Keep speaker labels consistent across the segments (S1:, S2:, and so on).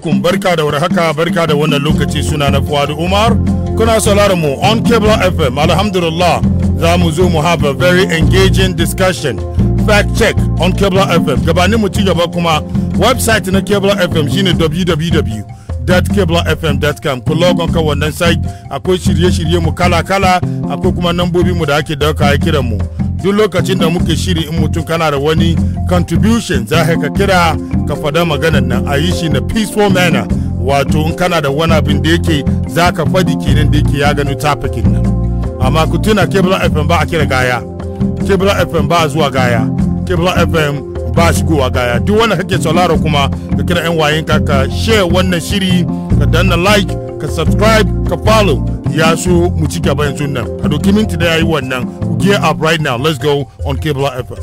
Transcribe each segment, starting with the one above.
S1: kun barka da warhaka barka da wannan lokaci suna na Fuadu Umar kuna sauraron mu on Cable FM alhamdulillah za mu zo mu have a very engaging discussion fact check on Cable FM gabanin mu ci gaba kuma website na Cable FM shine www www.kablafm.com ku logon ka wannan site akwai shirye-shirye mu kala-kala akwai kuma nambobi mu da ake dauka a kiran mu duk lokacin da muke shiri in mutum kana da wani contribution za ka kira ka fada maganar nan a yi shi na peaceful manner wato in kana da wani abin da yake za ka fadi kenan da yake ya gano tafikin nan amma ku tuna kebla fm ba a kira gaya kebla fm ba a zuwa gaya kebla fm ba shigowa gaya duk wanda kake sauraro kuma ka kira yan wayen ka ka share wannan shiri ka danna like ka subscribe ka follow ya so mu ci gaba yanzu nan a doki minti da yayi wannan gear up right now let's go on cable fm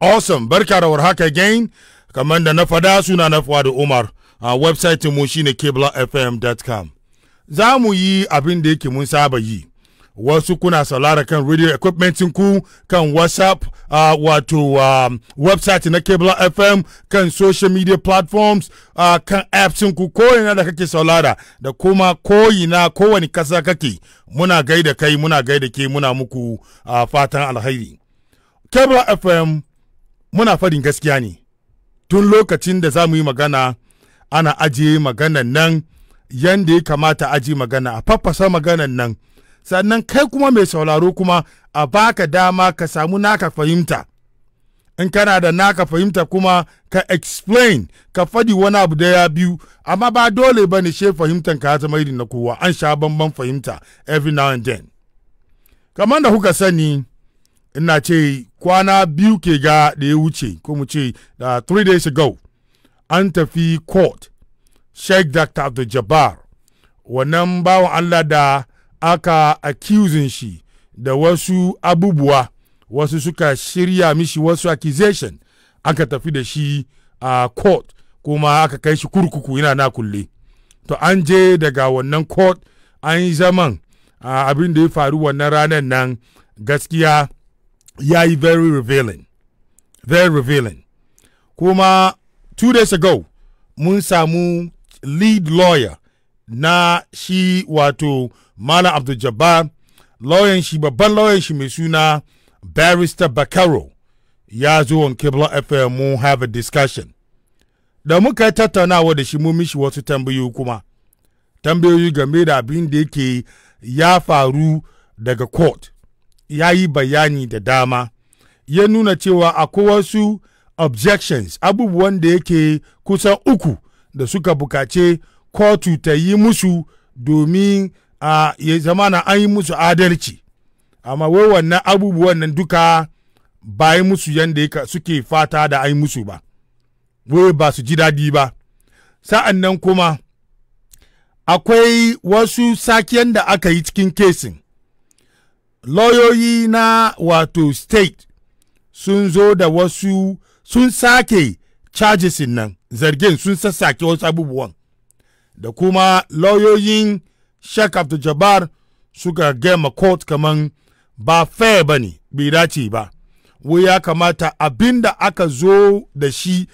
S1: awesome barka da warhaka again kamar da na fada suna na da umar a website mu shine cablefm.com za mu yi abin da yake mun saba yi wasu kuna saurara kan radio equipment ku kan whatsapp uh, wato uh, website na cable fm kan social media platforms uh, kan apps ku koyina da kake saurara da kuma koyina kowane kasa kake muna gaida kai muna gaida ke muna muku uh, fatan alhairi cable fm muna farin gaskiya ne tun lokacin da za mu yi magana ana ajiye maganan nan yanda ya kamata aji magana a faffasa maganan nan sannan kai kuma mai sauraro kuma a baka dama ka samu naka fahimta in kana da naka fahimta kuma ka explain ka faɗi wani abu da ya biyu amma ba dole ba ne she fahimtan ka zama irin na kowa an sha bamban fahimta every now and then kamar da kuka sani ina ce kwana biyu ke ga da ya wuce ko mu ce da uh, three days ago an tafi court sheikh dr abdul jabbar wannan bawan allah da aka accusing shi da wasu abubuwa wasu suka shirya mishi wasu accusation aka tafi da shi a uh, court kuma aka kai shi kurkuku yana na kulle to an je daga wannan court an yi zaman uh, abin da ya faru wannan ranar nan gaskiya ya yi very revealing very revealing kuma two days ago mun samu lead lawyer na shi wato Malam Abdul-Jabbar shi babban lauyan shi mai suna Barrister Bakaro ya zo on Kibla FM mu have a discussion. Da muka yi tattaunawa da shi mu mishi wasu tambayoyi kuma. Tambayoyi game da abin da yake ya faru daga court ya yi bayani da dama. Ya nuna cewa akwai wasu objections abubuwan da yake kusan uku da suka bukace kotu ta yi musu domin a ya na an yi musu adalci amma wai wannan abubuwan nan duka ba yi musu yadda suke fata da an yi musu ba wai ba su ji daɗi ba sa'an nan kuma akwai wasu sakiyan da aka yi cikin kesin lauyoyi na wato state sun zo da wasu sun sake charges nan zargin sun sassake wasu abubuwan da kuma lauyoyin Sheikh Abdul Jabbar suka gama court kaman ba fair ba ne bai dace ba wai ya kamata abin da aka zo da shi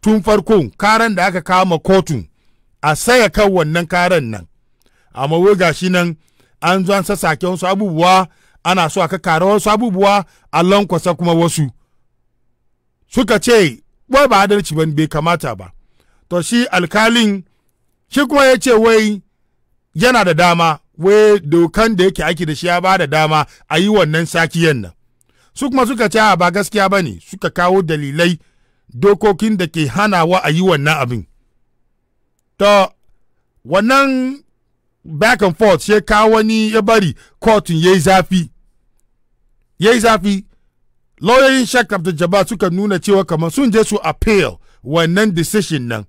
S1: tun farko karan da aka kama kotun a saya kan wannan karan nan amma wai gashi nan an zo an sassake wasu abubuwa ana so aka kare wasu abubuwa a lankwasa kuma wasu suka ce wai ba adalci ban bai kamata ba to shi alkalin shi kuma ya ce wai yana da dama wai dokan da yake aiki da shi ya ba da dama a yi wannan sakiyan nan su kuma suka ce ba gaskiya ba ne suka kawo dalilai dokokin da ke hanawa a yi wannan abin to wannan back and forth sai kawo wani ya bari kotun ya yi zafi ya yi zafi lauyoyin shek jaba suka nuna cewa kamar sun je su appeal wannan decision nan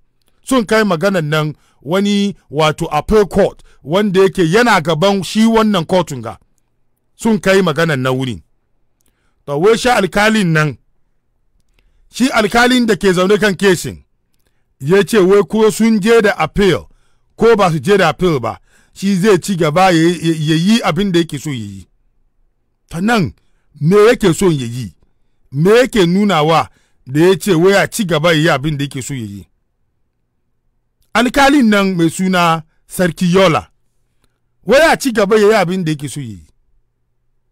S1: sun kai maganan nan wani wato appeal court wanda yake yana gaban shi wannan kotun ga sun kai maganan na wurin to shi alkalin nan shi alkalin da ke zaune kan kesin ya ce wai ko sun je da appeal ko ba su je da appeal ba shi zai ci gaba ya yi abin da yake so ya yi ta nan me yake so ya yi me yake nunawa da ya ce wai a ci gaba ya yi abin da yake so ya yi alkalin nan mai suna sarki yola waya ci gaba ya yi abin da yake so yi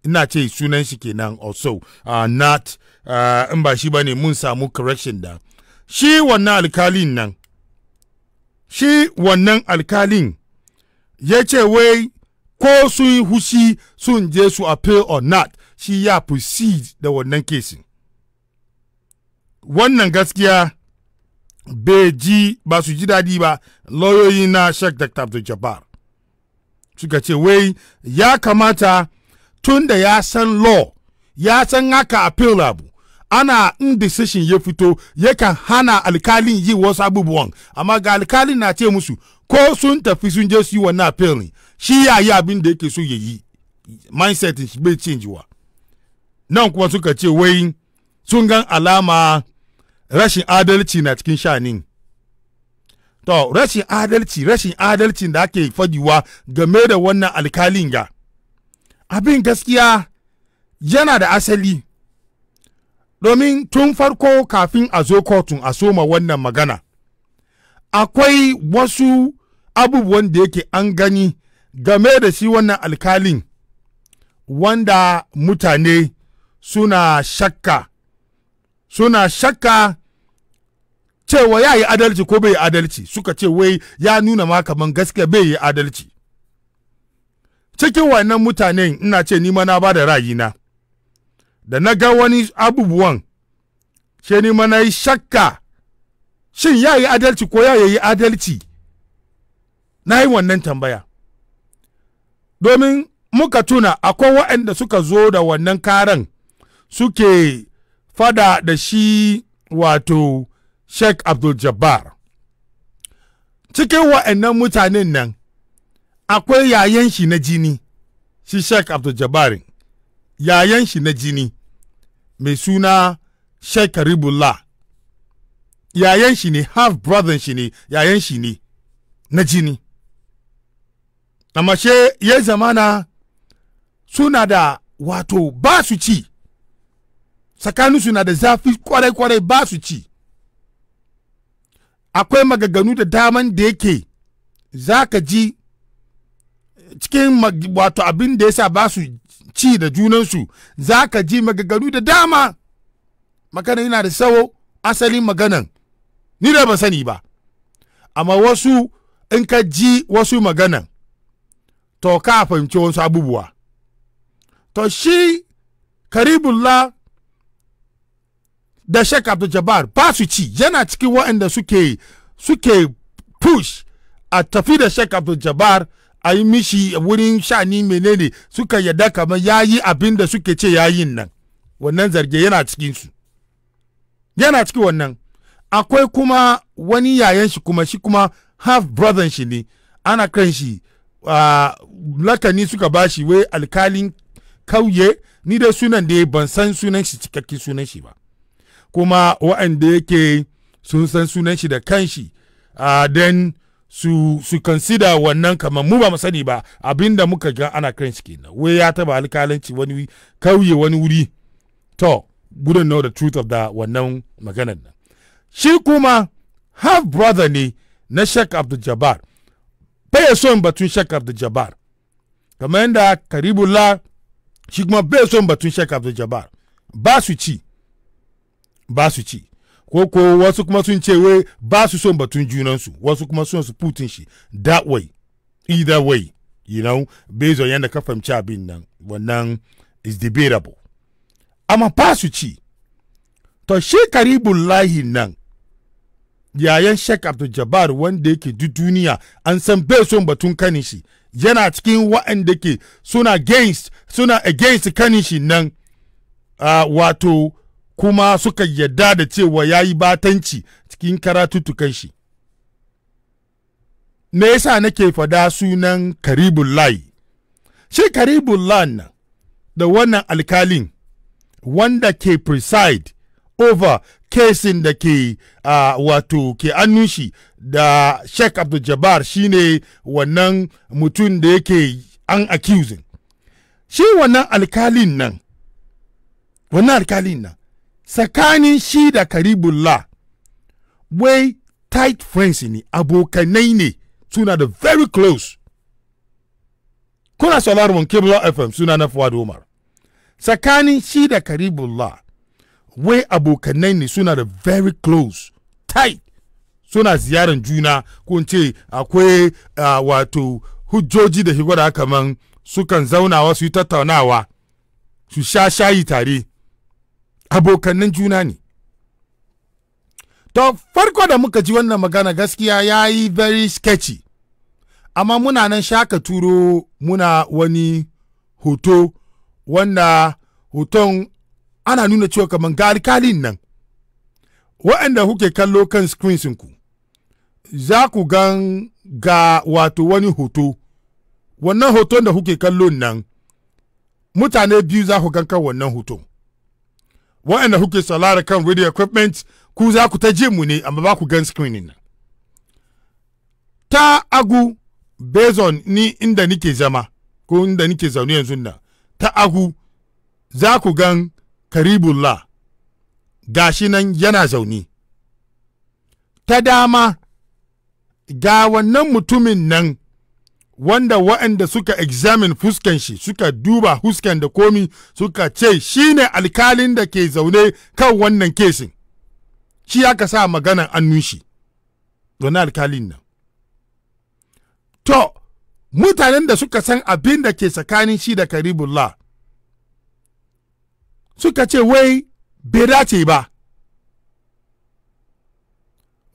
S1: ina ce sunan shi kenan also uh, not uh, in ba shi ba ne mun samu correction da shi wannan alkalin nan shi wannan alkalin ya ce wai ko sun yi hushi sun je su appeal or not shi ya proceed da wannan kesin wannan gaskiya beji ji ba su ji daɗi ba lauyoyi na Sheikh Dr. Abdul Jabbar suka ce wai ya kamata tun da ya san law ya san haka appeal abu ana indecision ya fito yakan hana alkalin yi wasu abubuwan amma ga alkalin na ce musu ko sun tafi sun je su yi wannan appeal shi ya yi abin da yake so ya yi mindset shi bai wa nan kuma suka ce wai sun gan alama rashin adalci na cikin shanin to rashin adalci rashin adalcin da ake faɗiwa game da wannan alkalin ga abin gaskiya yana da asali domin tun farko kafin a zo kotun a soma wannan magana akwai wasu abubuwan da yake an gani game da shi wannan alkalin wanda mutane suna shakka suna shakka cewa ya yi adalci ko bai yi adalci suka ce wai ya nuna ma kaman gaskiya bai yi adalci cikin wannan mutanen ina ce ni ma na ba da rayina da na ga wani abubuwan she ni yi shakka shin ya yi adalci ko ya yi adalci na yi wannan tambaya domin muka tuna akwai waɗanda suka zo da wannan karan suke fada da shi wato Sheikh Abdul Jabbar. Cikin wa'annan mutanen nan akwai yayan shi na jini, shi Sheikh Abdul Jabbar, yayan shi na jini mai suna Sheikh Karibullah. Yayan shi ne, half brother shi ne, yayan shi ne na jini. Amma she ya zamana suna da wato ba su ci. su na da zafi kwarai-kwarai ba su ci akwai magaganu da daman da yake za ka ji cikin wato abin da ya sa ba su ci da junansu za ka ji magaganu da dama magana yana da sawo asalin maganan ni da ba sani ba amma wasu in ka ji wasu maganan to ka fahimci wasu abubuwa to shi karibullah da Sheikh Abdul Jabbar ba su ci yana cikin waɗanda suke suke push a tafi da Sheikh Abdul Jabbar a yi mishi wurin shani menene suka yadda kamar yayi abin da suke ce yayin nan wannan zarge yana cikin su yana cikin wannan akwai kuma wani yayan shi kuma shi kuma half brother shi ne ana kan shi uh, lakani suka ba shi wai alkalin kauye ni da sunan da ban san sunan shi cikakken sunan shi ba kuma wa'anda yake sun san sunan shi da kanshi uh, dan su su consider wannan kamar mu ba mu sani ba abinda muka ga ana kan shi kenan wai ya taba alkalanci wani kauye wani wuri to gudun know the truth of that wannan maganar nan shi kuma half brother ne na Sheikh Abdul Jabbar bai son batun Sheikh Abdul Jabbar kamar yadda Karibullah shi kuma bai son batun Sheikh Abdul Jabbar ba su ci ba su ci ko ko wasu kuma sun ce wai ba su son batun junansu wasu kuma son su putin shi that way either way you know based on yadda ka fahimci abin nan wannan is debatable amma ba su ci to shi karibullahi nan yayan Sheikh Abdul wanda yake duk duniya an san bai son batun kanin shi yana cikin waɗanda ke suna against suna against kanin shi nan uh, wato kuma suka yadda da cewa ya yi batanci cikin karatutukan shi me yasa nake fada sunan karibullahi shi karibullan nan da wannan alkalin wanda ke preside over kesin da ke uh, wato ke annushi da sheikh abdul jabbar shine wannan mutum da yake an accusing shi wannan alkalin nan wannan alkalin nan tsakanin shi da karibullah wai tight friends ne abokanai ne suna da very close kuna sauraron kebla fm suna na fuad umar tsakanin shi da karibullah wai abokanai ne suna da very close tight suna ziyarar juna ko ce akwai uh, wato hujjoji da shi gwada kaman sukan zaunawa su yi tattaunawa su sha shayi tare abokannin juna ne to farko da muka ji wannan magana gaskiya ya yi very sketchy amma muna nan shaka turo muna wani hoto wanda hoton ana nuna cewa kamar ga alkalin nan waɗanda kuke kallo kan ku za ku gan ga wato wani hoto wannan hoton da kuke kallo nan mutane biyu za ku gan kan wannan hoton waɗanda kuke salara kan radio equipment ku za ku ta ji mu ne amma ba ku gan screening nan ta agu bezon ni inda nike zama ko inda nike zaune yanzu nan ta agu za ku gan karibullah gashi nan yana zaune ta dama ga wannan mutumin nan wanda waɗanda suka examine fuskan shi suka duba fuskan da komi suka ce shi ne alkalin da ke zaune kan wannan kesin shi aka sa maganan annun shi wani alkalin nan to mutanen da suka san abin da ke tsakanin shi da karibullah suka ce wai bai dace ba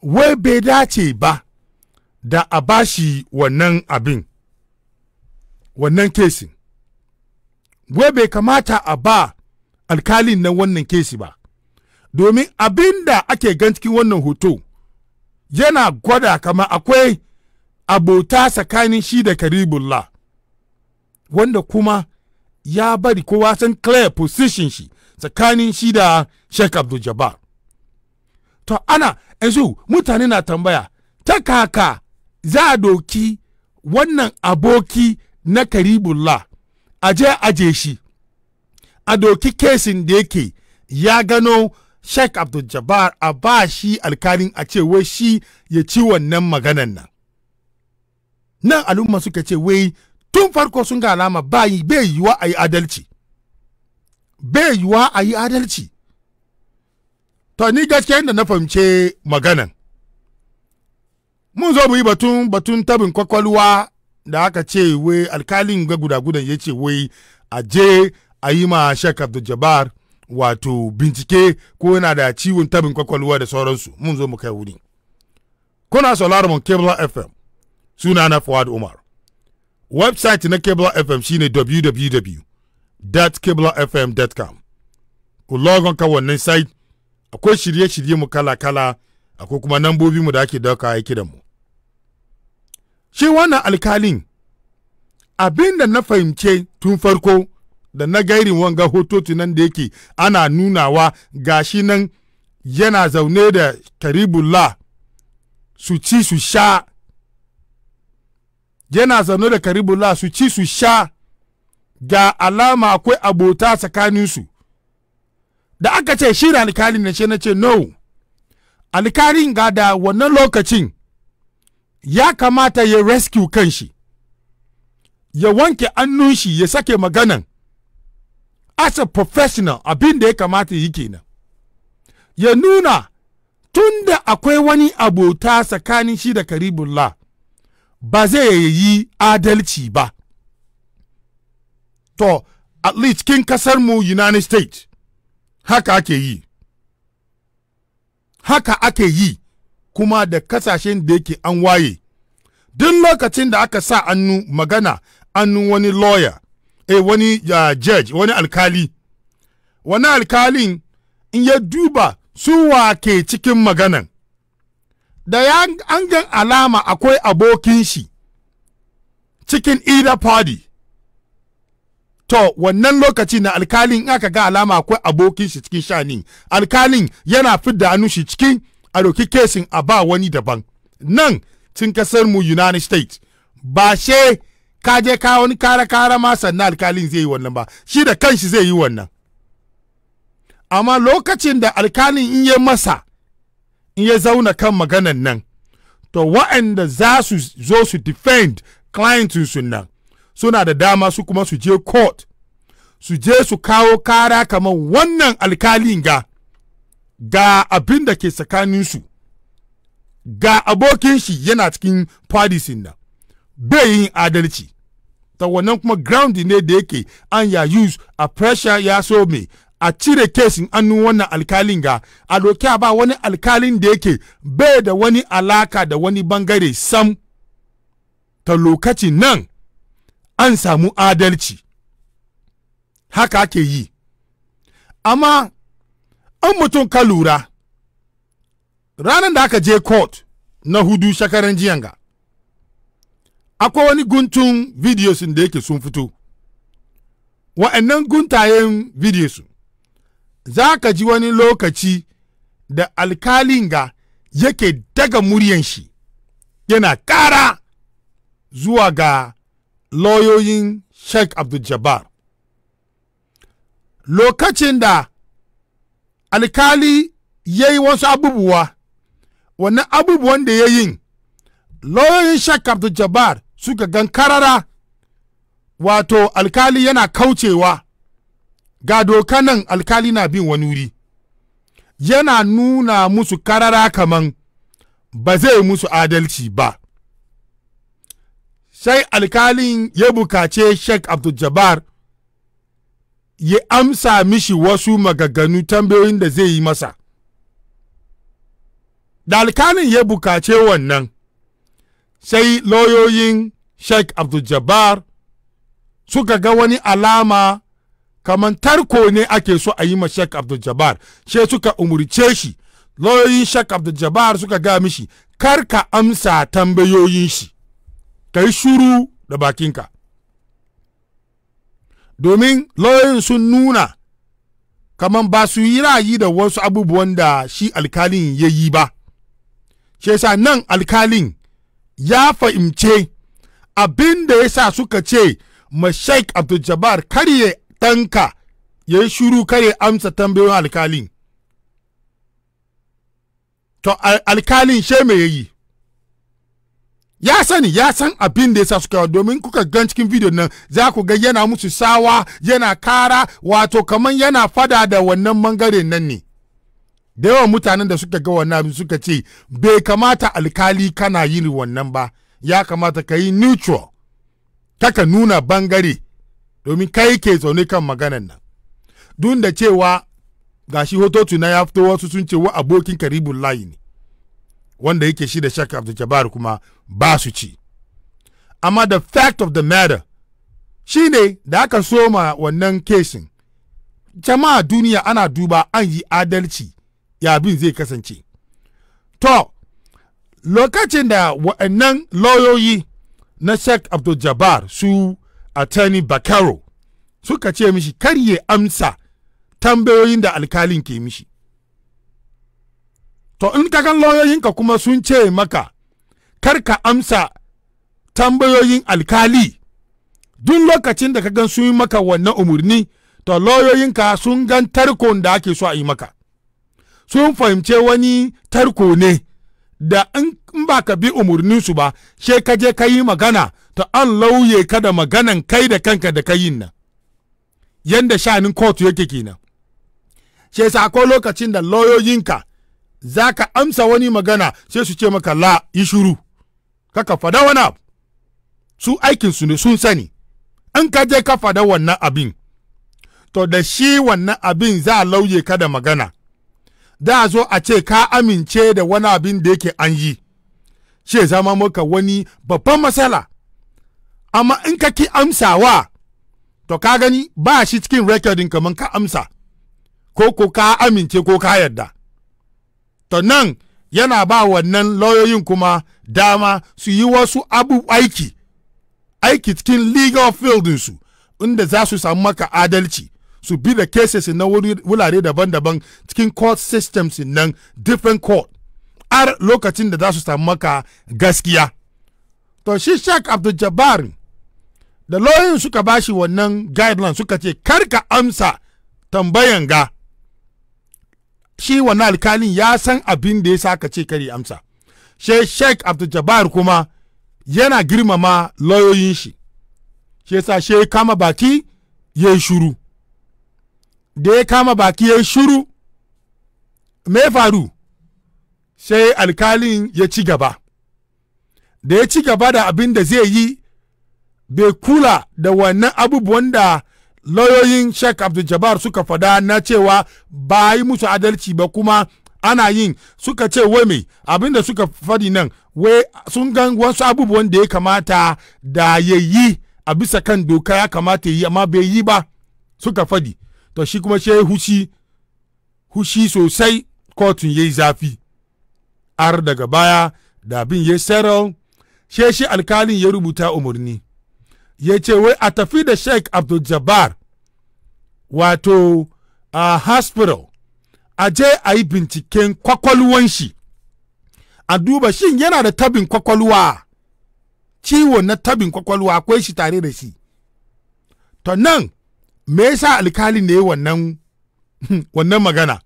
S1: wai bai dace ba da a bashi wannan abin wannan kesin wai bai kamata a ba alkalin na wannan kesi ba domin abin da ake gan cikin wannan hoto yana gwada kama akwai abota tsakanin shi da karibullah wanda kuma ya bari kowa san clear position shi tsakanin shi da sheikh abdul jabbar to ana yanzu mutane na tambaya ta kaka za a doki wannan aboki na karibullah a je aje shi a doki kesin da yake ya gano sheikh abdul jabbar a ba shi alkalin a ce wai shi ya ci wannan maganan nan nan al'umma suka ce wai tun farko sun ga alama bai yiwa a yi adalci bai yiwa a yi adalci to ni gaskiya da na fahimce maganan mun zo mu yi batun batun tabin kwakwalwa da aka ce wai alkalin ga gudagudan ya ce wai a je a yi ma shek abdul wato bincike ko yana da ciwon tabin kwakwalwa da sauransu mun zo mu kai wuri kuna sauraron mu cable fm suna na fawad umar website na cable fm shine www.cablefm.com ku logon ka wannan site akwai shirye-shirye mu kala-kala akwai kuma nambobi mu da ake dauka aiki da mu shi wannan alkalin abin da na fahimce tun farko da na gairin wanga hototi nan da yake ana nunawa gashi nan yana zaune da karibullah su ci su sha yana zaune da karibula su ci su sha ga alama akwai abota tsakaninsu da aka ce shi alkalin na ce na ce no alkalin ga da wannan lokacin ya kamata ya rescue kanshi ya wanke shi ya sake maganan as a professional abin da ya kamata yi kenan ya nuna tunda akwai wani abota tsakanin shi da karibullah ba zai yi adalci ba to at least kin kasar mu united states haka ake yi haka ake yi kuma da kasashen da yake an waye duk lokacin da aka sa annu magana annu wani lawyer eh wani uh, judge wani alkali wani alkalin in ya duba su ke cikin maganan da ya an gan alama akwai abokin shi cikin either party to wannan lokaci na alkalin aka ga alama akwai abokin shi cikin shani alkalin yana fidda annu shi cikin a ɗauki kesin a ba wani daban nan cin kasar mu united states ba she ka je ka wani kara kara ma sannan alkalin zai yi wannan ba shi da kanshi zai yi wannan amma lokacin da alkalin in ya masa in ya zauna kan maganan nan to wa'anda za su zo su defend clientinsu nan suna da dama su kuma su je court su je su kawo kara kamar wannan alkalin ga ga abin da ke su ga abokin shi yana cikin fadisin nan bai yin adalci ta wannan kuma ground ne da yake an ya use a pressure ya so me a cire kesin annu wannan alkalin ga a doki ba wani alkalin da yake bai da wani alaka da wani bangare sam ta lokacin nan an samu adalci haka ake yi amma in mutum ka lura ranar da aka je court na hudu shakaran jiyanga akwai wani guntun videos da yake sun fito wa'annan guntayen videos za ka ji wani lokaci da alkalin ga yake daga muryan shi yana kara zuwa ga lauyoyin sheikh abdul-jabbar lokacin da alkali ya yi wasu abubuwa wannan abubuwan da ya yi lauyoyin shak da jabar suka gan karara wato alkali yana kaucewa ga doka nan alkali na bin wani wuri yana nuna musu karara kaman ba zai musu adalci ba sai alkalin ya bukace sheikh abdul ya amsa mishi wasu magaganu tambayoyin da zai yi masa da alkanin ya bukace wannan sai lauyoyin sheikh abdul-jabbar suka ga wani alama kamar tarko ne ake so a yi ma sheikh abdul-jabbar she suka umurce shi lauyoyin sheikh abdul-jabbar suka ga mishi kar ka amsa tambayoyin shi ka yi shuru da bakinka domin lauyoyin sun nuna kamar ba su yi ra'ayi da wasu abubuwan da shi alkalin ya yi ba shi yasa nan alkalin ya fahimce abin da ya sa suka ce ma sheik abdul kar karye tanka ya yi shuru karye amsa tambayoyin alkalin to alkalin she me ya yi ya sani ya san abin da ya sa suka domin kuka gan cikin video nan za ku ga yana musu sawa yana kara wato kaman yana fada da wannan mangare nan ne da yawan mutanen da suka ga wannan abin suka ce bai kamata alkali kana yin wannan ba ya kamata ka yi neutral kaka nuna bangare domin kai ke zaune kan maganan nan duk da cewa gashi hototu na ya fito wasu sun ce wa abokin karibun layi ne wanda yake shi da shak abdul kuma ba su ci amma the fact of the matter shi ne da aka soma wannan kesin jama'a duniya ana duba an yi adalci ya bin zai kasance to lokacin da wa'annan lauyoyi na sheikh abdul jabbar su attorney bakaro suka ce mishi kar ya amsa tambayoyin da alkalin ke mishi to in ka kan lauyoyinka kuma sun ce maka kar ka amsa tambayoyin alkali duk lokacin da ka gan sun yi maka wannan umarni to lauyoyinka sun gan tarko da ake so a yi maka sun fahimce wani tarko ne da in ba ka bi umarninsu ba she ka je ka yi magana to an lauye ka da maganan kai da kanka da ka yin nan yanda shanin kotu yake kenan she akwai lokacin da lauyoyinka za ka amsa wani magana sai su ce maka la yi shuru ka fada wani abu su aikinsu ne sun sani in ka je ka fada wannan abin to da shi wannan abin za a lauye ka da magana da zo a ce ka amince da wani abin da yake an yi ce zama maka wani babban matsala amma in ka ki amsawa to ka gani ba shi cikin rekodin kamar ka amsa ko ko ka amince ko ka yarda to nan yana ba wannan lauyoyin kuma dama su yi wasu abu aiki aiki cikin legal field su inda za su samu maka adalci su bi da cases na wurare daban-daban cikin court systems nan different court har lokacin da za su samu maka gaskiya to shi shak abdul-jabbar da lauyoyin suka bashi wannan guideline suka ce karka amsa tambayan ga shi wannan alkalin ya san abin da ya sa ka ce kare amsa she sheik abdul kuma yana girmama lauyoyin shi shi yasa she kama baki ya yi shuru da ya kama baki ya yi shuru me faru sai alkalin ya ci gaba da ya ci gaba da abin da zai yi bai kula da wannan abubuwan da lauyoyin Sheikh Abdul Jabbar suka fada na cewa ba yi musu adalci ba kuma ana yin suka ce wai mai abinda suka fadi nan wai sun gan wasu abubuwan da ya kamata da ya yi a bisa kan doka ya kamata ya yi amma bai yi ba suka fadi to shi kuma shi hushi hushi sosai kotun ya yi zafi ar daga baya da abin ya sarau shi alkalin ya rubuta umarni ya ce wai a tafi da sheikh abdul jabbar wato a hospital a je a yi binciken kwakwalwan shi a duba shin yana da tabin kwakwalwa ciwo na tabin kwakwalwa akwai shi tare da shi to nan me yasa alkali ne wannan wannan magana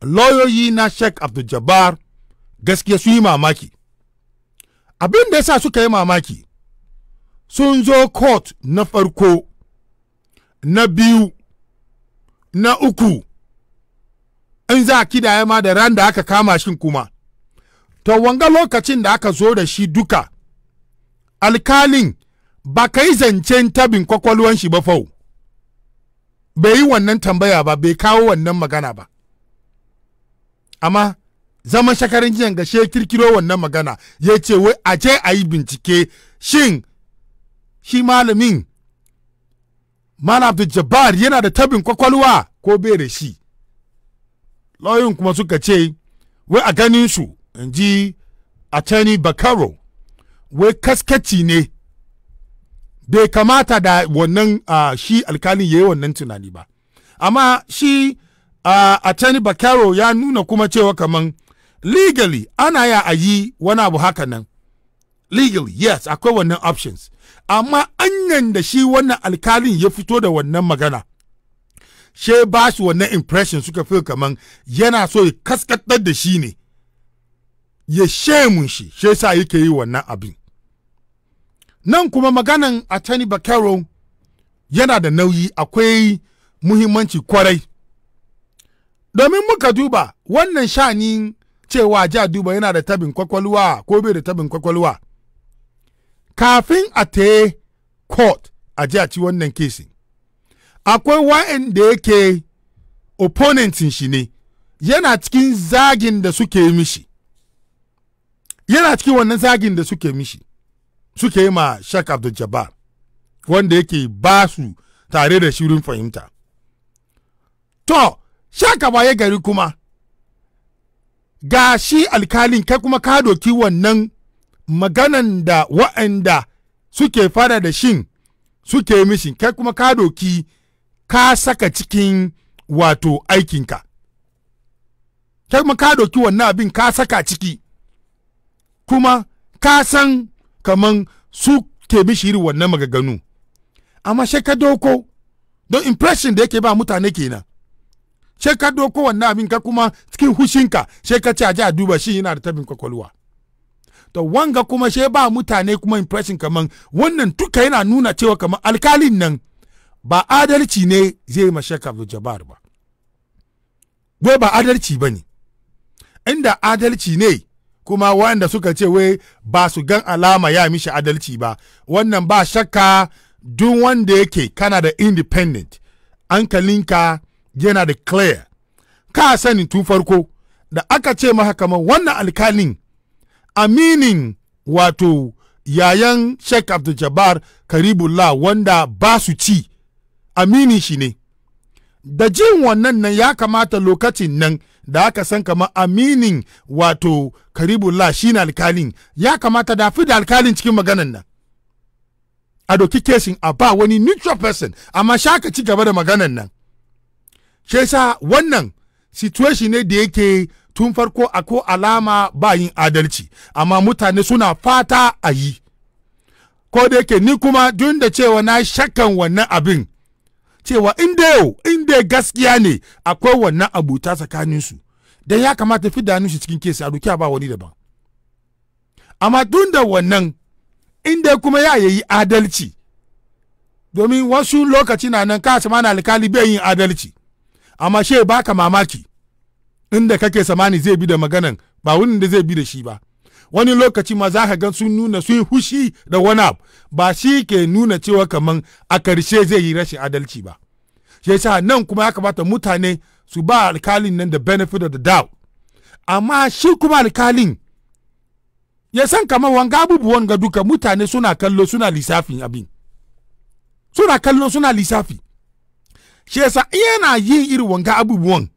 S1: lauyoyi na sheikh abdul jabbar gaskiya su yi mamaki abin da yasa suka yi mamaki sun zo court na farko na biyu na uku in za a kidaya ma da ran da aka kama shi kuma to wanga lokacin da aka zo da shi duka alkalin ba ka yi zancen tabin kwakwalwan shi ba fau bai yi wannan tambaya ba bai kawo wannan magana ba amma zaman shakarin jiyan ga she kirkiro wannan magana ya ce wai a je a yi bincike shin shi malamin malam yana da tabin kwakwalwa ko bai da shi lauyin kuma suka ce wai a ganin su in ji attorney bakaro wai kaskaci ne bai kamata da wannan uh, shi alkalin ya yi wannan tunani ba amma shi uh, attorney bakaro ya nuna kuma cewa kaman legally ana ya a yi wani abu haka nan legally yes akwai wannan options amma anyan da shi wannan alkalin ya fito da wannan magana she ba shi wannan impression suka fi kaman yana so ya kaskatar da shi ne ya shemun shi she sa yake yi wannan abin nan kuma maganan attorney bakero yana da nauyi akwai muhimmanci kwarai domin muka duba wannan shanin cewa ja duba yana da tabin kwakwalwa ko bai da tabin kwakwalwa kafin a taye court a ji a ci wannan kesi akwai da yake opponentin shi ne yana cikin zagin da suke mishi yana cikin wannan zagin da suke mishi suke yi ma shak abdul jabbar wanda yake ba su tare da shirin fahimta to shaka ba ya gari kuma ga shi alkalin kai kuma ka doki wannan maganan da wa'anda suke fada da shin suke mishin kai kuma ka doki ka saka cikin wato aikinka kai kuma ka doki wannan abin ka saka ciki kuma ka san kaman su ke mishi irin wannan magaganu amma sai ka doko don impression da yake ba mutane kenan sai ka doko wannan abin ka kuma cikin hushinka sai ka ce a duba shi yana da tabin kwakwalwa to wanga kuma she ba mutane kuma impression kaman wannan tuka yana nuna cewa kaman alkalin nan ba adalci ne zai ma Sheikh Abdul jabar ba wai ba adalci ba ne inda adalci ne kuma waɗanda suka ce wai ba su gan alama ya mishi adalci ba wannan ba shakka duk wanda yake kana da independent ankalinka yana da clear ka sani tun farko da aka ce maka kamar wannan alkalin aminin wato yayan Sheikh Abdul Jabbar Karibullah wanda ba su ci amini shi ne da jin wannan nan ya kamata lokacin nan da aka san kama aminin wato karibullah shi ne alkalin ya kamata da fi da alkalin cikin maganan nan a doki kesin a ba wani neutral person amma shaka ci gaba da maganan nan shesa wannan situation ne da yake tun farko a ko alama ba yin adalci amma mutane suna fata a yi ko da yake ni kuma duk da cewa na shakkan wannan abin cewa inda yau inda gaskiya ne akwai wannan abuta su don ya kamata fi da shi cikin kesa a ba wani daban amma tun da wannan inda kuma ya yayi adalci domin wasu lokaci na nan kasa mana alkali bai yin adalci amma she baka mamaki inda kake samani zai bi da maganan ba wani da zai bi da shi ba wani lokaci ma za ka gan sun nuna sun hushi da wani abu ba shi ke nuna cewa kaman a karshe zai yi rashin adalci ba shi yasa nan kuma ya kamata mutane su ba alkalin nan da benefit of the doubt amma shi kuma alkalin ya san kamar wanga abubuwan ga duka mutane suna kallo suna lissafin abin suna kallo suna lissafi shi yasa yana yin irin wanga abubuwan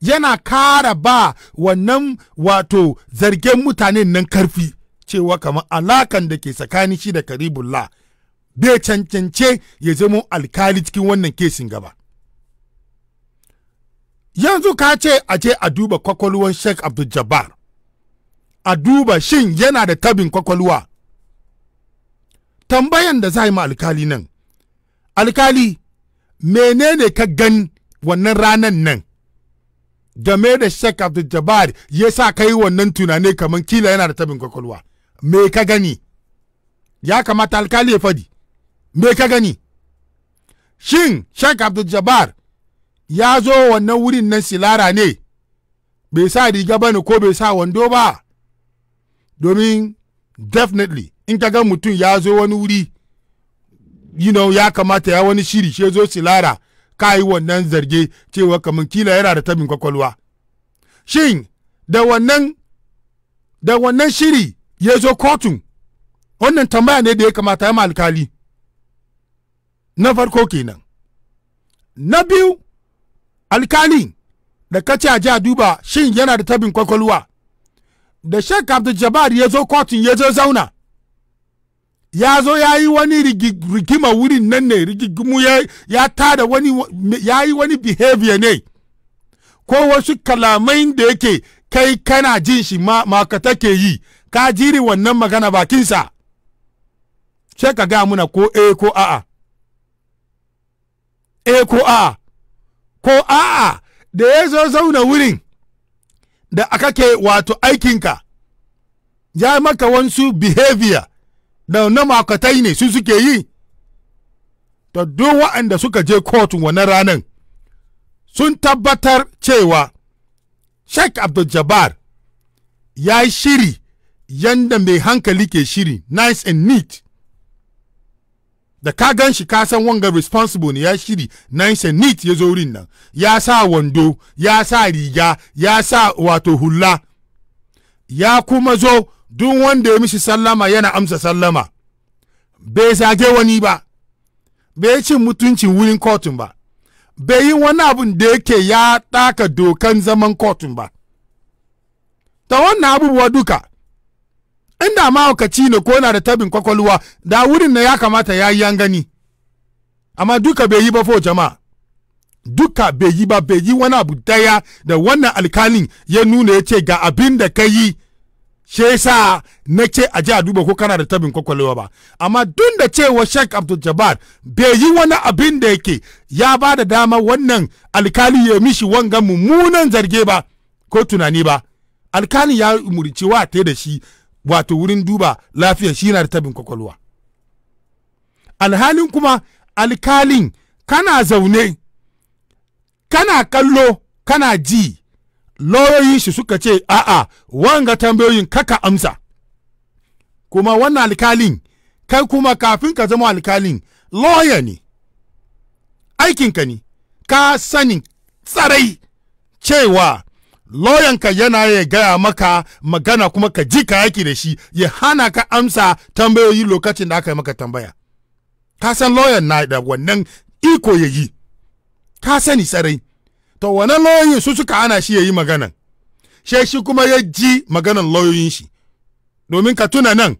S1: yana kara ba wannan wato zargen mutanen nan karfi cewa kamar alakan da ke tsakanin shi da karibullah bai cancance ya zama alkali cikin wannan kesin gaba yanzu ka ce a je a duba kwakwalwar sheikh abdul a duba shin yana da tabin kwakwalwa tambayan da za yi ma alkali nan alkali menene ka gan wannan ranan nan game da Sheikh Abdul Jabbar ya sa kai wannan tunane kaman kila yana da tabin kwakwalwa me ka gani ya kamata alkali ya fadi me ka gani shin Sheikh Abdul Jabbar ya zo wannan wurin nan silara ne bai sa riga ba ko bai sa wando ba domin definitely in ka ga mutum ya zo wani wuri you know, ya kamata ya wani shiri shi zo silara ka yi wannan zarge cewa kamun kila yana da tabin kwakwalwa shin da wannan da wannan shiri ya zo kotun wannan tambaya ne da ya kamata ya alkali na farko kenan na biyu alkali da kace a a duba shin yana da tabin kwakwalwa da shek abdul ya zo kotun ya zo zauna ya zo ya yi wani rigima wurin nan ne rigimu ya tada wani ya yi wani behavior ne ko wasu kalamai da yake kai kana jin shi maka yi ka jiri wannan magana bakinsa sai ka ga muna ko e ko a'a e ko a'a ko a'a da ya zo zauna wurin da aka ke wato aikinka ya maka wansu behavior da na makatai ne su suke yi da duk waɗanda suka je kotun wannan ranar sun tabbatar cewa sheikh abdul-jabbar ya yi shiri yanda mai hankali ke shiri nice and neat da ka gan shi ka san wanga responsible ne ya shiri nice and neat ya zo wurin nan ya sa wando ya sa riga ya sa wato hula ya kuma zo duk wanda ya mishi sallama yana amsa sallama bai zage wani ba bai cin mutuncin wurin kotun ba bai yi wani abun da yake ya taka dokan zaman kotun ba ta wannan abubuwa duka inda mahaukaci ne ko na da tabin kwakwalwa da wurin na ya kamata ya yi gani amma duka bai yi ba fo jama'a duka bai yi ba bai yi wani abu daya da wannan alkalin ya nuna ya ce ga abin da ka yi shi yasa ce a ji a duba ko kana da tabin kwakwalwa ba amma duk da cewa Sheikh Abdul Jabbar bai yi wani abin da yake ya ba da dama wannan alkali ya mishi wangan mummunan zarge ba ko tunani ba alkali ya umurci wa ta da shi wato wurin duba lafiya shi na da tabin kwakwalwa alhalin kuma alkalin kana zaune kana kallo kana ji lauyoyi shi suka ce a'a wanga tambayoyin kaka amsa kuma wannan alkalin kai kuma kafin ka zama alkalin lawyer ne aikinka ne ka sani tsarai cewa ka yana ya gaya maka magana kuma ka ji ka yaki da shi ya hana ka amsa tambayoyi lokacin da aka yi maka tambaya ka san lawyer na da wannan iko ya yi ka sani tsarai to wannan lauyoyin su suka ana shi ya yi maganan sai shi kuma ya ji maganan lauyoyin shi domin ka tuna nan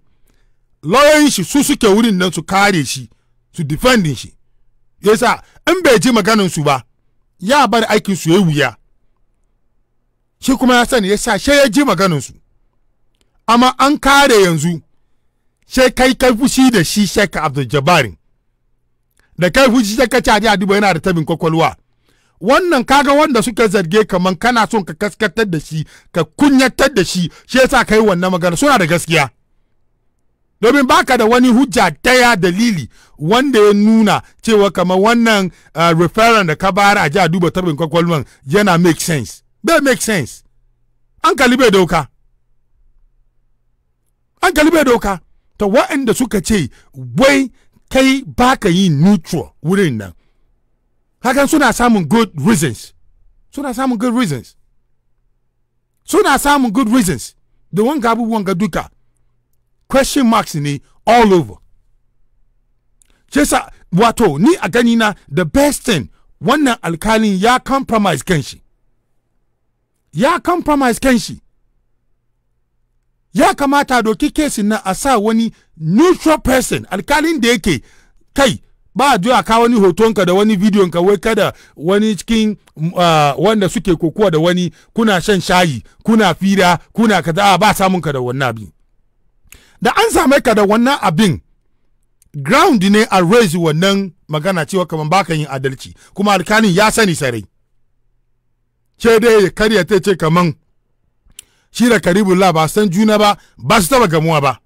S1: lauyoyin shi su suke wurin nan su kare shi su defendin shi yasa in bai ji maganan su ba ya bar aikin su ya wuya shi kuma ya sani yasa sai ya ji maganan su amma an kare yanzu sai kai kai fushi da shi Sheikh Abdul Jabbar da kai fushi sai ka ci a duba yana da tabin kwakwalwa wannan kaga wanda suka zarge kaman kana son ka kaskatar da shi ka kunyatar da shi shi yasa kai wannan magana suna da gaskiya domin baka da wani hujja daya dalili wanda ya nuna cewa kaman wannan uh, referral da ka bayar a ji a duba tabin kwakwalwan yana make sense bai make sense an kali bai doka an kali bai doka ta wa'anda suka ce wai kai baka yin neutral wurin nan hakan suna samun good reasons suna samun good reasons suna samun good reasons da wanga abubuwan ga duka question marks ne all over shesa wato ni a gani na the best thing wannan alkalin ya compromise kanshi ya compromise kanshi ya kamata doki kesin na a sa wani neutral person alkalin da yake kai ba a ka wani hotonka da wani bidiyonka wai kada wani cikin ah, wanda suke kokowa da wani kuna shan shayi kuna fira kuna kaza ba samun ka da wannan abin da an same ka da wannan abin ground ne a raise wannan magana cewa kaman baka yin adalci kuma alkalin ya sani sarai ce dai karya ta ce kaman shi da karibu la ba san juna ba ba su taba gamuwa ba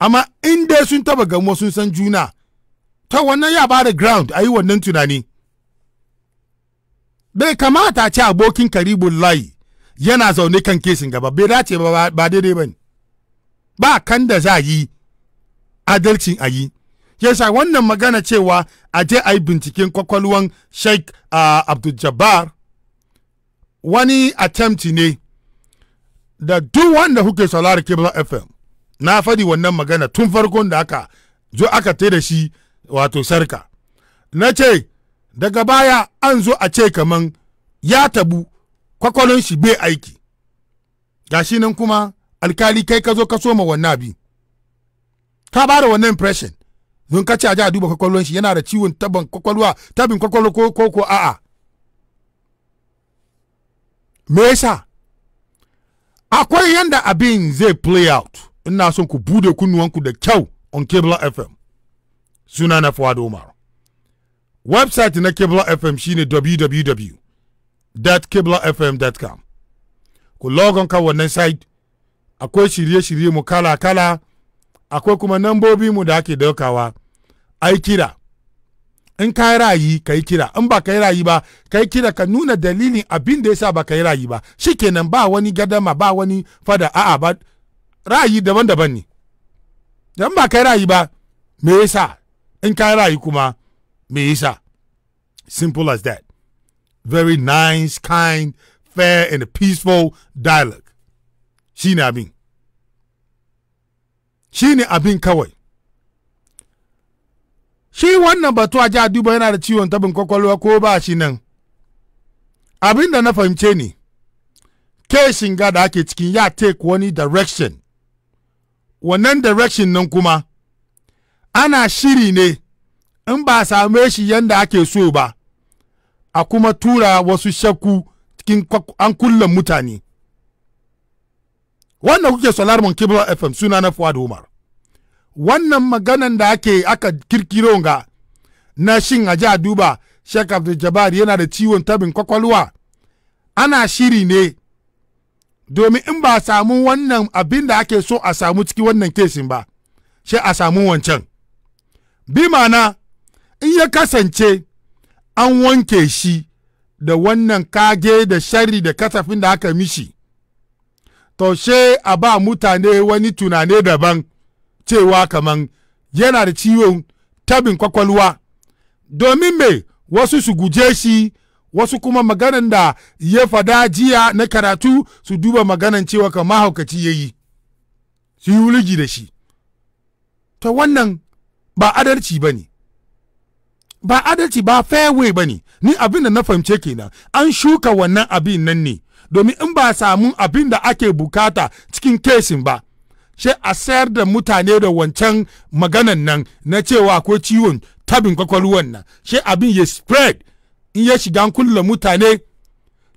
S1: amma in dai sun taba gamuwa sun san juna to wannan ya bada ground a yi wannan tunani bai kamata ce abokin karibun layi yana zaune kan kesin gaba bai dace ba ba daidai ba ba kan da za yi adalcin a yi yasa wannan magana cewa a je a yi binciken kwakwalwan sheikh uh, abdul jabbar wani attempt ne da duk wanda kuke saurara cable fm na faɗi wannan magana tun farkon da aka zo aka tai da shi wato sarka na ce daga baya an zo a ce kaman ya tabu kwakwalon shi bai aiki gashi nan kuma alkali kai ka zo ka soma wannan abin ka ba da wannan impression don ka ce a duba kwakwalon shi yana da ciwon tabin kwakwalwa tabin kwakwalwa ko ko a'a me yasa akwai yanda abin zai play out ina son ku bude kunnuwanku da kyau on cable fm suna na Fuad Umar. Website na Kibla FM shine www.kiblafm.com. Ku logon ka wannan site, akwai shirye-shirye mu kala-kala, akwai kuma nambobi mu da ake daukawa, ai kira. In ka yi rayi ka yi kira, in ba ka yi rayi ba, ka yi kira ka nuna dalilin abin da ya sa ba ka yi rayi ba, shi kenan ba wani gadama ba wani fada a'a ba, rayi daban-daban ne. Dan ba ka yi rayi ba, me yasa in ka rayu kuma me yasa simple as that very nice kind fair and peaceful dialogue shine abin shine abin kawai shi wannan batu a ja duba yana da ciwon tabin kwakwalwa ko ba shi nan abin da na fahimce ne keshin ga da ake cikin ya take wani direction wannan direction nan kuma ana shiri ne in ba a same shi yadda ake so ba a kuma tura wasu shakku cikin an kulle mutane wannan kuke solar mon kibla fm suna na fuad umar wannan maganan da ake aka kirkiro ga na shin a ja duba Sheikh Abdul Jabbar yana da ciwon tabin kwakwalwa ana shiri ne domin in ba a samu wannan abin da ake so a samu cikin wannan kesin ba sai a samu wancan bi ma'ana in ya kasance an wanke shi da wannan kage da shari da kasafin da aka mishi to she a ba mutane wani tunane daban cewa kaman yana da ciwon tabin kwakwalwa domin me wasu su guje shi wasu kuma maganan da ya fada jiya na karatu su duba maganan cewa ka mahaukaci ya yi su yi wuligi da shi ta wannan ba adalci ba ne ba adalci ba fairway ba ne ni abin da na fahimce kenan an shuka wannan abin nan ne domin in ba samu abin da ake bukata cikin kesin ba sai a sayar da mutane da wancan maganan nan na cewa ko ciwon tabin kwakwalwan nan sai abin ya spread in ya shiga kulla mutane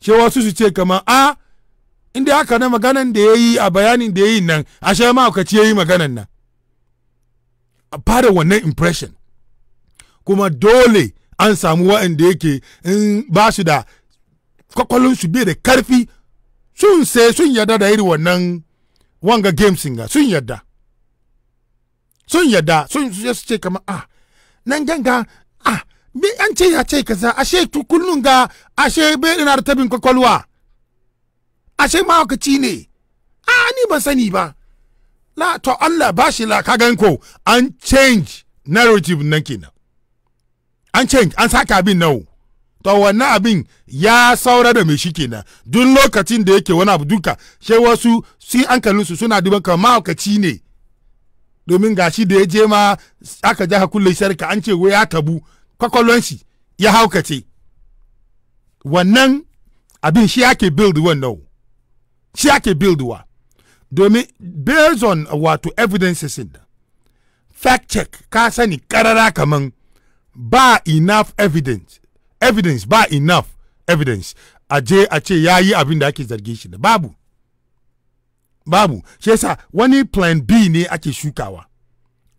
S1: sai wasu su ce kamar a inda haka na maganan da ya yi a bayanin da ya yi nan a ma ka ya yi maganan nan a fara wannan impression kuma dole an samu waɗanda yake in ba su da su bai da karfi sun sai sun yarda da iri wannan wanga games ga sun yarda sun yarda sun su ce kama ah nan ganga ah bi an ce ya ce kaza ashe kullun ga ashe bai ina da tabin kwakwalwa ashe ma ne a ah, ni ban sani ba la to Allah ba shi la kagan ko an change narrative nan kenan an change an saka abin nau to wannan abin ya saura da mai shi kenan duk lokacin da yake wani abu duka sai wasu kallon hankalinsu suna duban kamar mahaukaci ne domin gashi da ya je ma aka ja kulle sarka an ce ya tabu kwakwalon ya haukace wannan abin shi ake build wannan shi ake domin based on uh, wato evidences da fact check ka sani karara kaman ba enough evidence evidence ba enough evidence a je a ce ya yi abin da ake zarge shi da babu babu shi yasa wani plan b ne ake shukawa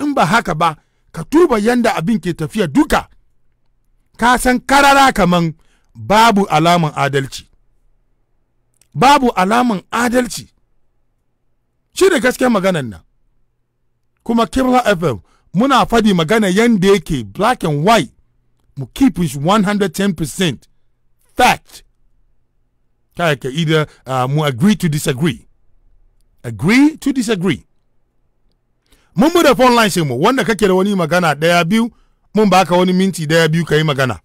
S1: in ba haka ba ka tuba yanda abin ke tafiya duka ka san karara kaman babu alaman adalci babu alaman adalci shi ne gaske maganan nan kuma kirla fm muna faɗi magana yanda yake black and white mu keep it 110% fact kai ka either uh, mu agree to disagree agree to disagree mun bude phone line mu wanda kake da wani magana daya biyu mun baka wani minti daya biyu ka yi magana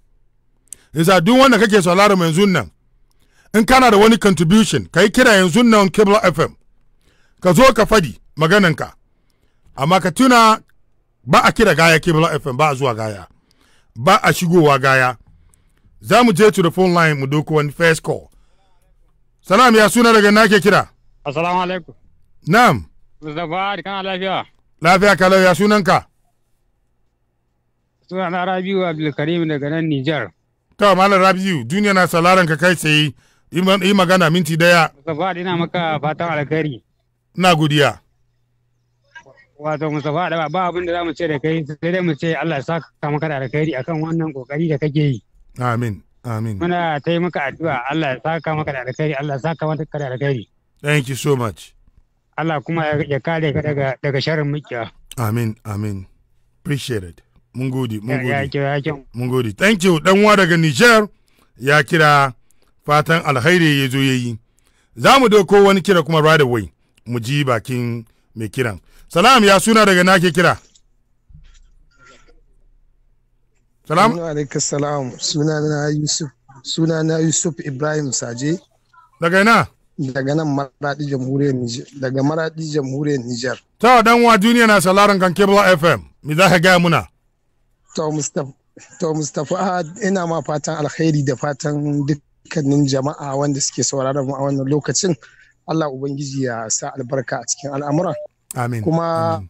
S1: isa duk wanda kake sauraron yanzu nan in kana da wani contribution ka yi kira yanzu nan cable fm ka zo ka fadi magananka amma ka tuna ba a kira gaya kebla fm ba a zuwa gaya ba a shigowa gaya za mu je to the phone line mu doko wani first call salam ya suna daga na ke kira assalamu alaikum na'am mustapha kana lafiya lafiya kalau ya sunanka suna na rabiu abdulkarim daga nan nijar to malam rabiu duniya na sauraron ka kai tsaye yi magana minti daya mustapha ina maka fatan alkhairi na godiya wato Mustapha da ba abin da zamu ce da kai sai dai
S2: mu ce Allah ya saka maka da alkhairi akan wannan kokari da kake yi
S1: amin amin
S2: muna taimaka addu'a Allah ya saka maka da alkhairi Allah ya saka maka da alkhairi
S1: thank you so much
S2: Allah kuma ya kare ka daga daga sharrin mukiya
S1: amin amin appreciate it mun gode mun gode mun gode thank you dan uwa daga Niger ya kira fatan alkhairi ya zo yayi za mu dauko wani kira kuma right away mu ji bakin mai kiran salam ya suna daga na ke kira
S3: salam alaikum salam suna na yusuf suna na yusuf ibrahim saje daga ina daga nan maradi jamhuriyar niger daga maradi jamhuriyar niger ta dan wa duniya na salaran kan Kebla fm Mi za ka gaya muna to mustapha to mustapha ina ma fatan alkhairi da fatan dukkanin jama'a wanda suke sauraron mu a wannan lokacin Allah Ubangiji ya sa albarka a cikin al'amura. Amin. Kuma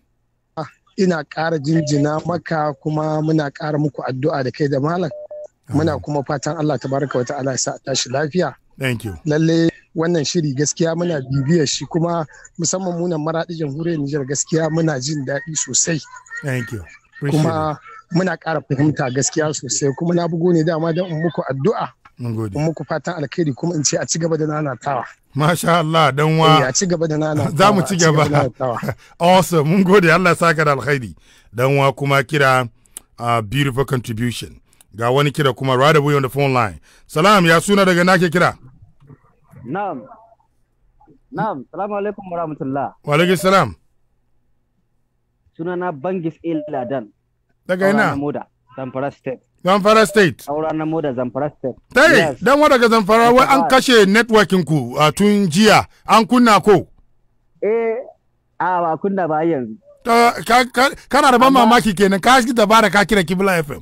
S3: ina ƙara jinjina maka kuma muna ƙara muku addu'a da kai da malam. Muna kuma fatan Allah ta baraka wata ala sa tashi lafiya. Thank you. Lalle wannan shiri gaskiya muna bibiyar shi kuma musamman munan maraɗi jamhuriyar Nijar gaskiya muna jin daɗi sosai.
S1: Thank you. Kuma
S3: muna ƙara fahimta gaskiya sosai kuma na bugo ne dama don in muku addu'a. Mun gode. muku fatan alkhairi kuma in ce a ci gaba da nanatawa.
S1: Masha Allah dan wa. Eh, ci gaba da nana. Za mu ci gaba. Awesome, mun gode Allah ya saka da alkhairi. Dan wa kuma kira a beautiful contribution. Ga wani kira kuma right away on the phone line. Salam ya suna daga nake kira.
S4: Na'am. Na'am, salamu alaikum wa
S1: rahmatullah. Wa alaikum salam.
S4: Sunana Bangis Iladan. Daga ina? Moda, Zamfara State.
S1: Zamfara State.
S4: Saura na mu da Zamfara State. Tai,
S1: dan wa daga Zamfara wai an kashe networking ku a tun jiya, an kunna ko? Eh, a ba kunna ba yanzu. ka Kana da ban mamaki kenan, ka shi dabara ka kira Kibla FM.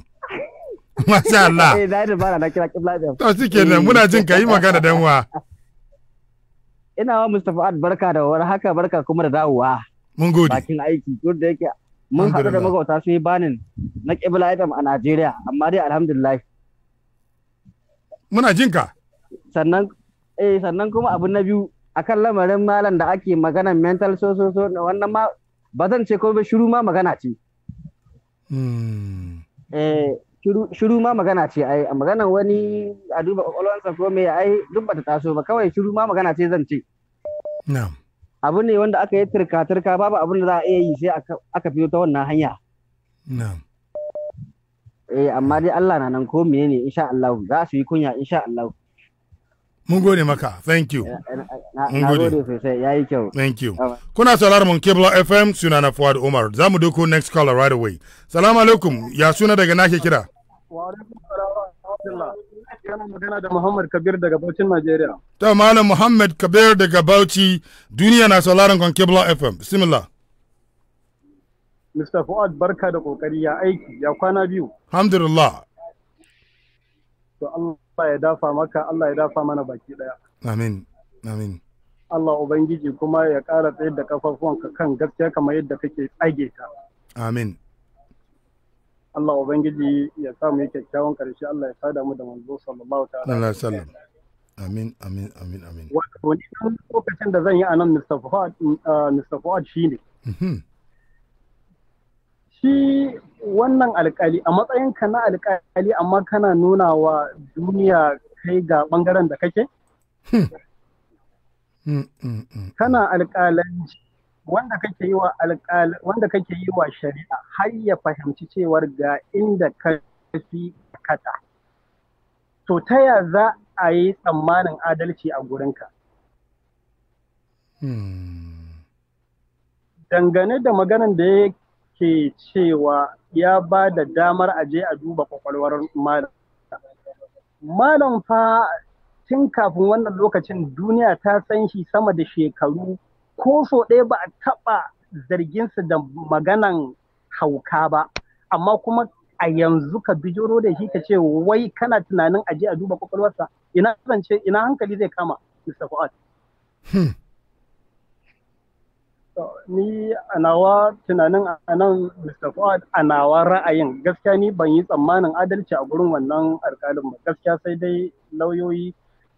S1: Masha Allah. Eh,
S4: da dabara na kira Kibla FM. To shi kenan muna jin
S1: ka yi magana dan wa.
S4: Ina wa Mustapha Ad barka da war haka barka kuma da dawowa. Mun gode. Bakin aiki, duk da yake mun haɗu da magauta sun yi banin na ƙibla FM a Najeriya amma dai alhamdulillah. Muna jinka. Sannan eh sannan kuma abu na biyu a kan lamarin malam da ake magana mental so so so wannan ma ba zan ce ko shiru ma magana ce. Hmm. Eh shiru ma magana ce ai a maganar wani a duba ƙwaƙwalwansa ko me ai duk ta taso ba kawai shiru ma magana ce zan ce. Na'am. abu ne wanda aka yi turka-turka babu abin da za a iya yi sai aka fiyo ta wannan hanya. Eh amma dai Allah na nan ko mene ne insha Allah za su yi kunya insha Allah.
S1: Mun gode maka, thank you. Eh, eh, eh, mun gode sosai, yayi kyau. Thank you. Kuna sauraron mun Kebla FM suna na Fuad Umar. Za mu doko next caller right away. Salamu alaikum, ya suna daga nake kira.
S5: Wa alaikum salam wa rahmatullah. ta magana da Muhammad
S1: Kabir daga Bauchin Najeriya. To Malam Muhammad Kabir daga Bauchi duniya na sauraron kan Kibla FM. Bismillah.
S5: Mr. Fuad barka da kokari ya aiki
S1: ya kwana biyu. Alhamdulillah.
S5: To Allah ya dafa maka Allah ya dafa mana baki daya.
S1: Amin. Amin.
S5: Allah Ubangiji kuma ya ƙara tsayar da kafafuwanka kan gaskiya kamar yadda kake tsage ta. Amin. Allah ubangiji ya sa mu kyakkyawan karshe Allah ya sada mu da manzo sallallahu ta'ala ya sallam. amin amin amin amin wato ni dan lokacin da zan yi anan Mr. Fuad uh, shi ne? Mhm. shi wannan alkali a matsayinka na alkali amma kana nuna wa duniya kai ga ɓangaren da kake hmm.
S3: Hmm, hmm,
S5: kana alkalanci wanda kake yi wa alƙal wanda kake yi wa shari'a har ya fahimci cewar ga inda ka fi kata to ta ya za a yi tsammanin adalci a gurinka
S1: hmm.
S5: dangane da maganan da yake cewa ya ba da damar a je a duba kwakwalwar malam malam fa tun kafin wannan lokacin duniya ta san shi sama da shekaru ko so ɗaya ba a taɓa zarginsu da maganan hauka ba amma kuma a yanzu ka bijiro da shi ka ce wai kana tunanin aje a duba kwakwalwarsa ina zance ina hankali zai kama Mr. Fuad. Hmm. Ni a nawa tunanin a nan Mr. Fuad a nawa ra'ayin gaskiya ni ban yi tsammanin adalci a gurin wannan alkalin ba gaskiya sai dai lauyoyi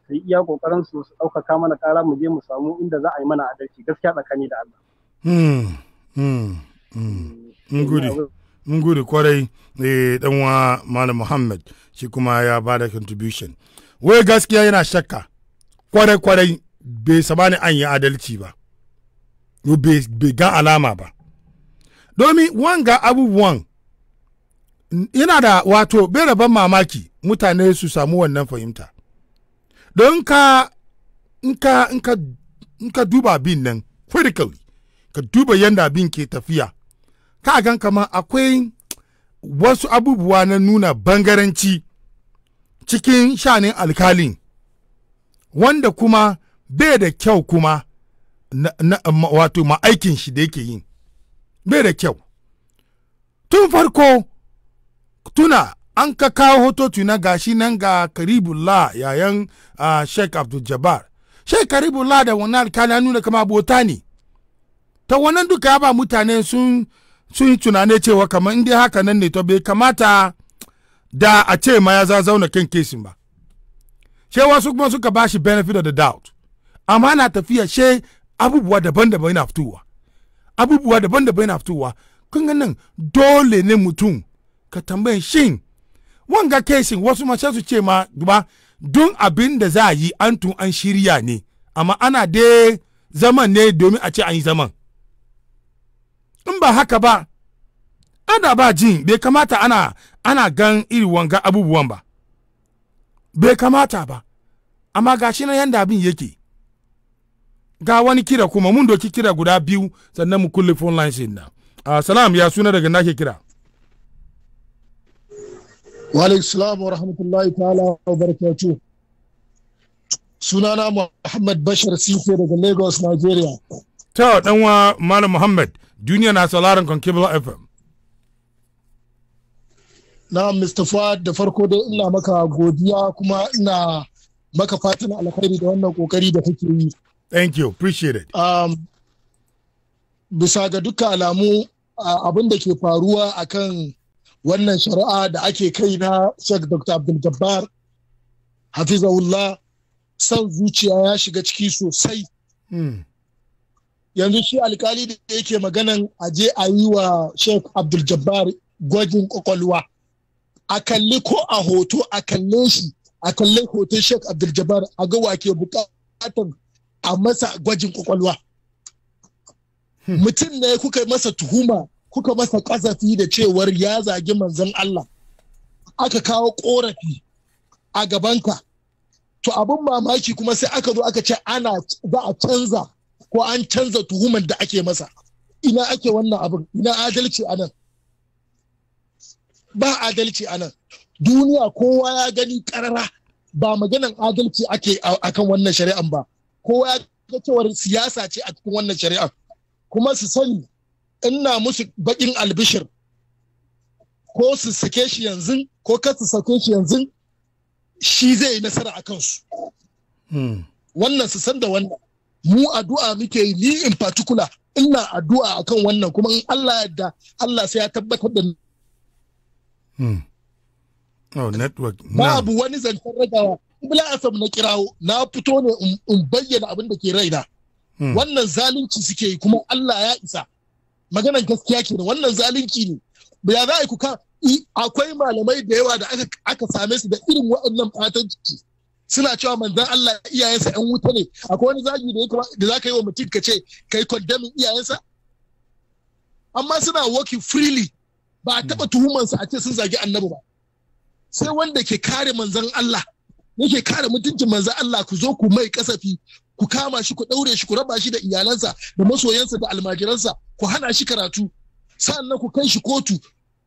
S5: su yi iya kokarin su su ɗaukaka mana ƙara mu je mu samu inda za a yi mana adalci gaskiya tsakani
S1: da Allah. Hmm, hmm, hmm. Mun eh, gudu kwarai eh, dan wa Malam Muhammad shi kuma ya ba da contribution. Wai gaskiya yana shakka kwarai kwarai bai sabani an yi adalci ba. Bai ga alama ba. Domin wanga abubuwan yana da wato bai raban mamaki mutane su samu wannan fahimta don ka duba abin nan critically ka duba yadda bin ke tafiya ka gan kama akwai wasu abubuwa na nuna bangaranci cikin shanin alkalin wanda kuma bai da kyau kuma na, na wato ma'aikin shi da yake yin bai da kyau tun farko tuna an ka kawo hototi na gashi nan ga karibullah yayan uh, sheik abdul jabbar sheik karibullah da wani alkali ya nuna kama abota ne ta wannan duka ya ba mutane sun sun tunane cewa kamar inda haka nan ne to bai kamata da a ce ma ya za zauna kan kesin ba she wasu kuma suka ba shi benefit of the doubt amma na tafiya she abubuwa daban-daban yana fitowa abubuwa daban-daban yana fitowa kun ganin dole ne mutum ka tambayin shin wanga kesin wasu mace su ce ma duba dun abin da za a yi an tun an shirya ne amma ana dai zaman ne domin a ce an yi zaman in ba haka ba ana ba jin bai kamata ana ana gan iri wanga abubuwan ba bai kamata ba amma ga shi na yanda abin yake ga wani kira kuma mun doki kira guda biyu sannan mu kulle phone lines din nan ah, salam ya suna daga nake kira
S6: wa wa rahmatullahi ta'ala wa barakatu. sunana Muhammad Bashar Sike daga Lagos, Nigeria. Ta
S1: ɗanwa Malam Muhammad, duniya na sauraron kan Kibla FM.
S6: Na Mr. Fuad da farko dai ina maka godiya kuma ina maka fatan alkhairi da wannan kokari da kake yi. Thank you, appreciate it. Um, bisa ga duka alamu abin da ke faruwa akan wannan shari'a da ake kai na Sheikh Dr. Abdul Jabbar Hafizahullah son zuciya ya shiga ciki sosai. Hmm. Yanzu shi alkali da yake maganan aje a yi wa Sheikh Abdul Jabbar gwajin kwakwalwa. A kalli ko a hoto a kalle shi a kalle hoton Sheikh Abdul Jabbar a ga wake bukatar a masa gwajin kwakwalwa. Hmm. Mutum ne kuka masa tuhuma Kuka masa kasafi da cewar ya zagi manzon Allah aka kawo korafi a gabanka to abin mamaki kuma sai aka zo aka ce ana za a canza ko an canza tuhumar da ake masa ina ake wannan abin ina adalci a nan ba adalci a nan duniya kowa ya gani karara ba maganan adalci ake akan wannan shari'an ba kowa ya ga cewar siyasa ce a cikin wannan shari'an kuma su sani ina musu baƙin albishir ko su sake shi yanzu ko kar su sake shi yanzu shi zai yi nasara a kansu hmm. wannan su san da wannan mu addu'a muke yi ni in particular ina addu'a akan wannan kuma in Allah yadda Allah sai ya tabbatar da
S1: hmm. Oh, network. Babu
S6: wani zancen ragawa. Bila FM na kirawo, na fito ne in bayyana abin da ke raina. Hmm. Wannan zalunci suke yi kuma Allah ya isa. maganar gaskiya ke wannan zalunci ne ya za a yi kuka akwai malamai da yawa da aka same su da irin waɗannan fatan ciki suna cewa manzan Allah iyayensa yan wuta ne akwai wani zagi da za ka yi wa mutum ka ce ka yi kwandamin iyayensa amma suna working freely ba a taɓa tuhumansa a ce sun zagi annabi ba sai wanda ke kare manzan Allah yake kare mutuncin manzan Allah ku zo ku mai kasafi ku kama shi ku ɗaure shi ku raba shi da iyalansa da masoyansa da almajiransa ku hana shi karatu sannan ku kai shi kotu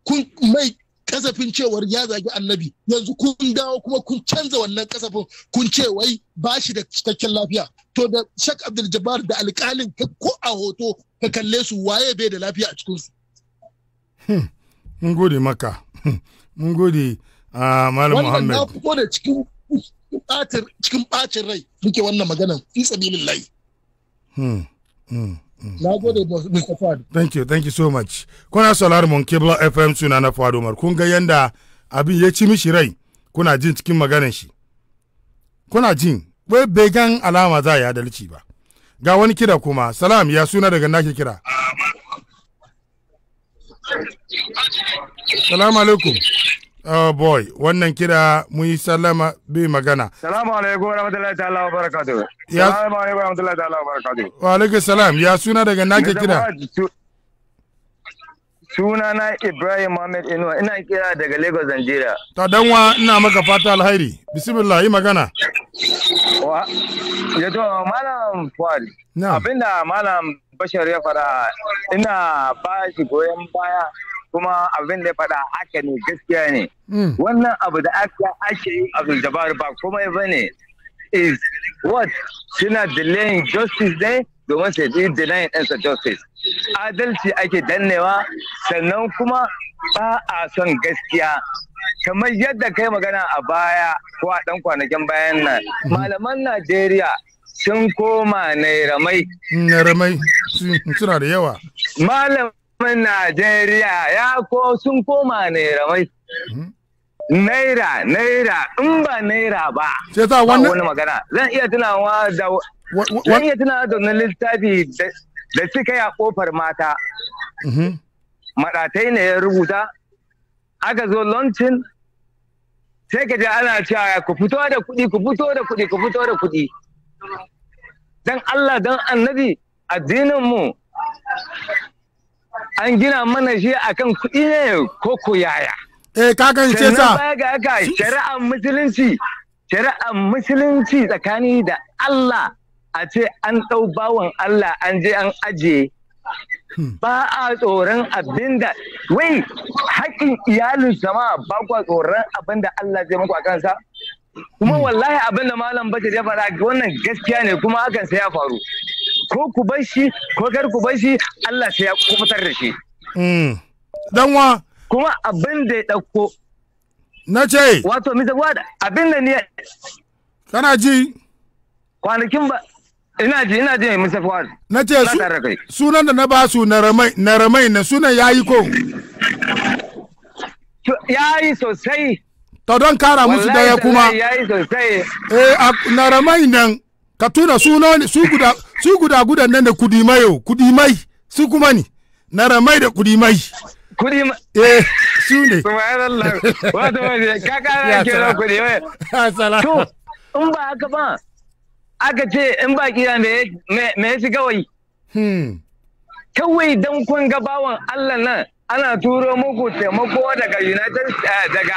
S6: kun mai kasafin cewar ya zagi annabi yanzu kun dawo kuma kun canza wannan kasafin kun ce wai ba shi da cikakken lafiya to da shak abdul jabbar da alkalin ko a hoto ka kalle su waye bai da lafiya a cikinsu.
S1: Hmm. mun gode maka hmm. mun gode a ah, malam muhammad wannan na
S6: fito da cikin cikin bacin rai muke wannan maganan fi sabilillahi
S1: hmm. na gode mr fad thank you thank you so much kuna sauraron mun kibla fm suna na fad umar kun ga yanda abin ya ci mishi rai kuna jin cikin maganar shi kuna jin wai gan alama za ya adalci ba ga wani kira kuma salam ya suna daga nake kira salamu alaikum Oh boy, wannan kira mu yi sallama bi magana.
S7: Salamu alaikum wa rahmatullahi ta'ala wa barakatu. Ya Salamu alaikum wa rahmatullahi ta'ala wa barakatu.
S1: Wa alaikum salam, ya suna
S7: daga nake kira. Suna na Ibrahim Mohammed Inuwa, ina kira daga Lagos, Nigeria.
S1: Ta wa ina maka fata alhairi. Bismillah, yi magana.
S7: Wa, to malam Fuad. Abinda malam Bashir ya fara ina ba shi goyon baya kuma abin da faɗa haka ne gaskiya ne hmm. wannan abu da aka ake yi a ba komai ba ne is what suna delaying justice ne domin sai yi denying ɗansa justice adalci ake dannewa sannan kuma ba a son gaskiya kamar yadda kai magana a baya ko a ɗan kwanakin bayan nan hmm. malaman najeriya sun koma nairamai ramai suna da yawa malam man Najeriya ya ko sun koma naira mai. Hmm? Naira, naira, in ba naira ba. Sai sa wannan wani magana. Zan iya tunawa da zan iya tunawa da wani littafi da suka yi a kofar mata. Mm-hmm. Maɗatai ne ya rubuta. Aka zo launching sai ka ji ana cewa ku fito da kuɗi, ku fito da kuɗi, ku fito da kuɗi. Dan Allah, dan annabi, addininmu. mu an gina mana shi akan kuɗi ne ko ko yaya eh ka kan ce sa baya ga haka shari'ar musulunci shari'ar musulunci tsakani da Allah a ce an ɗau bawan Allah an je an aje hmm. ba a tsoron abinda wai haƙƙin iyalin sama ba kwa tsoron abinda Allah zai maku a kansa kuma hmm. wallahi abinda malam bace ya faɗa wannan gaskiya ne kuma hakan sai ya faru ko ku bar shi ko kar ku bar shi Allah sai ya kubutar da shi dan hmm. wa kuma abin da ya dauko na ce wato misa gwada abin da ni. kana ji kwanakin ba ina ji ina ji misa gwada na ce
S1: sunan da na ba su na ramai na ramai na sunan yayi ko yayi sosai to don kara musu daya kuma yayi sosai eh na ramai nan ka tuna sunoni su guda su guda gudan nan da kudimayo mai. su kuma ni na ramai da mai. kudimai kudimai eh su ne
S7: subhanallah wato ka kara ke da kudimai to in ba haka ba aka ce in ba kira me me shi kawai hmm kawai dan kun ga bawan Allah nan ana turo muku taimako daga United eh, daga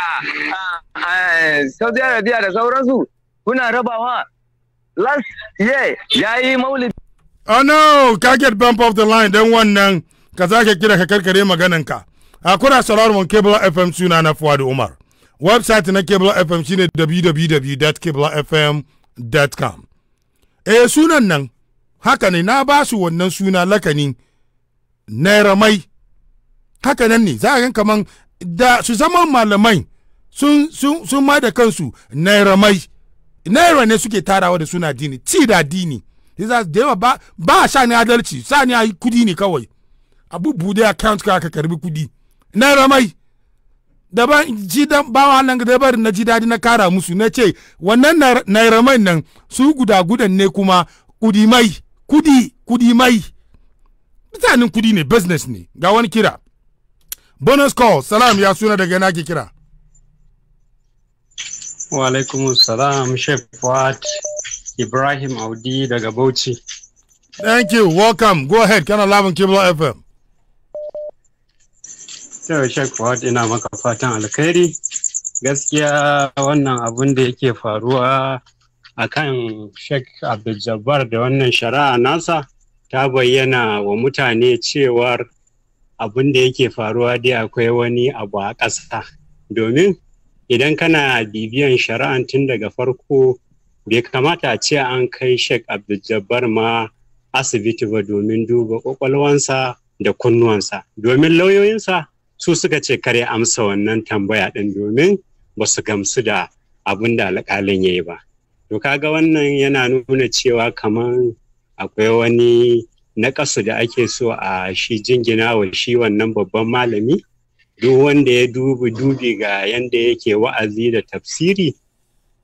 S7: ah, ah, Saudi Arabia da sauransu kuna rabawa last year ya yi maulid. oh no ka get bump off
S1: the line don wannan ka zake kira ka karkare magananka a kuna sauraron cable fm suna na fuwa umar website na cable fm shine www.cablefm.com eh sunan nan haka ne na ba su wannan suna lakani naira mai haka nan ne za a kaman da su zama malamai sun ma da kansu naira mai naira ne suke tarawa da suna dini ci da dini da yawa ba a sha ni adalci sa ni a yi kudi ne kawai abu bude account ka aka karbi kudi naira mai daban ji dan bawa nan da bar na ji dadi na kara musu na ce wannan naira mai nan su guda gudan ne kuma kudi mai kudi kudi mai mutanen kudi ne business ne ga wani kira bonus call salam ya suna daga nake kira
S2: Wa alaikum salam Chef Fuad Ibrahim Audi daga Bauchi. Thank you. Welcome. Go ahead.
S1: Kana labin Kibla FM.
S2: Yau Chef Fuad ina maka fatan alkhairi. Gaskiya wannan abun da yake faruwa a kan Sheikh Abdul da wannan shari'a nasa ta bayyana wa mutane cewar abin da yake faruwa dai akwai wani abu a ƙasa. Domin idan kana bibiyan shari'an tun daga farko bai kamata a ce an kai Sheikh Abdul ma asibiti ba domin duba kwakwalwansa da kunnuwansa domin lauyoyinsa su suka ce kare amsa wannan tambaya ɗin domin ba su gamsu da abin da alƙalin ya yi ba. To kaga wannan yana nuna cewa kamar akwai wani naƙasu da ake so a shi jingina wa shi wannan babban malami duk wanda ya dubi dubi ga yanda yake wa'azi da tafsiri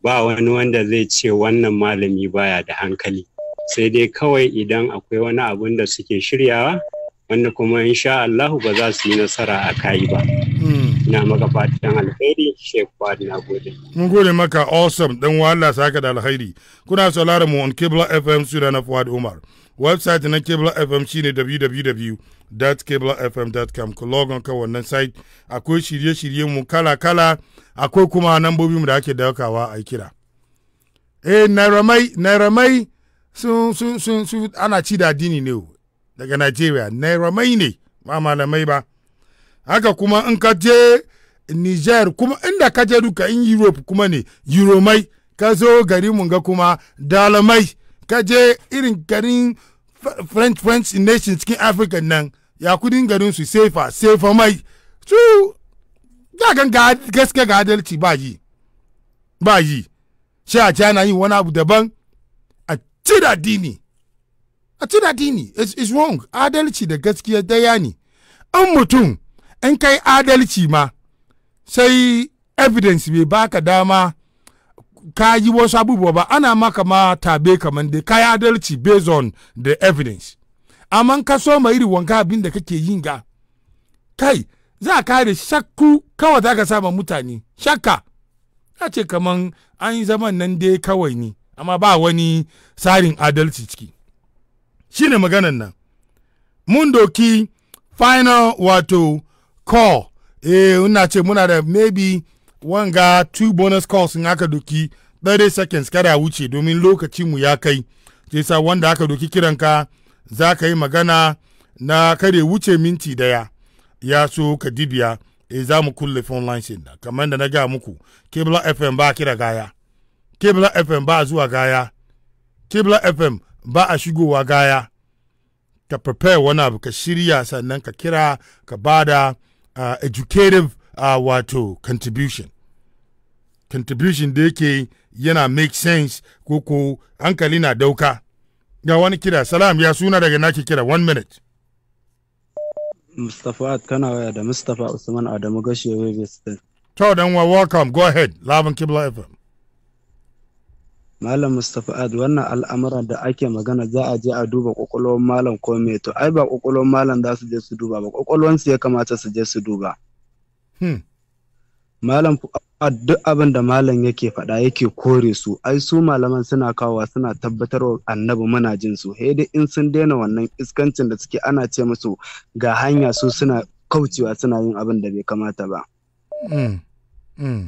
S2: ba wani wanda zai ce wannan malami baya da hankali sai dai kawai idan akwai wani abun da suke shiryawa wanda kuma insha Allahu ba za su yi nasara a kai ba. Hmm. Ina maka
S1: fatan alheri Sheikh Fadi na gode. Mun gode maka awesome dan wahala saka da alheri Kuna sauraron mu on Kibla FM na Fuad Umar. website na Kebla FM shine www.cablefm.com ku logon ka wannan site akwai shirye-shirye mu kala-kala akwai kuma nambobi mu da ake daukawa a kira eh nairamai nairamai sun sun sun su ana ci da dini ne daga Najeriya nairamai ne ba malamai ba haka kuma in ka je Niger kuma inda ka je duka in Europe kuma ne Euromai ka zo gari mun ga kuma dalamai ka je irin garin french french nation cikin africa nan ya kudin garin su sefa sefa mai su ga gaske ga adalci ba yi ba yi sai a china yin wani abu daban a cira dini a cira dini is wrong adalci da gaskiya daya ne an mutum in kai adalci ma sai evidence bai baka dama ka yi wasu abubuwa ba ana maka ma tabe kamar dai ka yi adalci based on the evidence amma ka so ma iri wanka abin da kake yin ga kai za ka da shakku kawai za ka sama mutane shakka ya ce kamar an yi zaman nan dai kawai ne amma ba wani tsarin adalci ciki shine maganan nan mun doki final wato call eh ina ce muna da maybe wanga two bonus calls in aka doki 30 seconds kada wuce domin lokacinmu ya kai sa wanda aka doki kiranka za ka yi magana na kare wuce minti daya ya so ka dibiya e za mu kulle phone line kamar da na ga muku kebla fm ba kira gaya kebla fm ba zuwa gaya kebla fm ba a shigowa gaya ka prepare wani abu ka shirya sannan ka kira ka bada uh, ah, educative a wato contribution contribution da yake yana make sense ko ko hankali na dauka ga wani kira salam ya suna daga naki kira one minute
S8: Mustapha kana waya da Mustapha Usman Adamu Gashe Webe State.
S1: To dan wa welcome go ahead Laban Kibla FM.
S8: Malam Mustapha Ad wannan al'amuran da ake magana za a je a duba kwakwalwar malam ko me to ai ba kwakwalwar malam za su je su duba ba kwakwalwar su ya kamata su je su duba. Hmm. malam fu'ad duk abin da malam yake faɗa yake kore su ai su malaman suna kawowa suna tabbatarwa annabi muna jin su dai in sun daina wannan iskancin da suke ana ce musu ga hanya su suna kaucewa suna yin abin da bai kamata ba hmm. Hmm.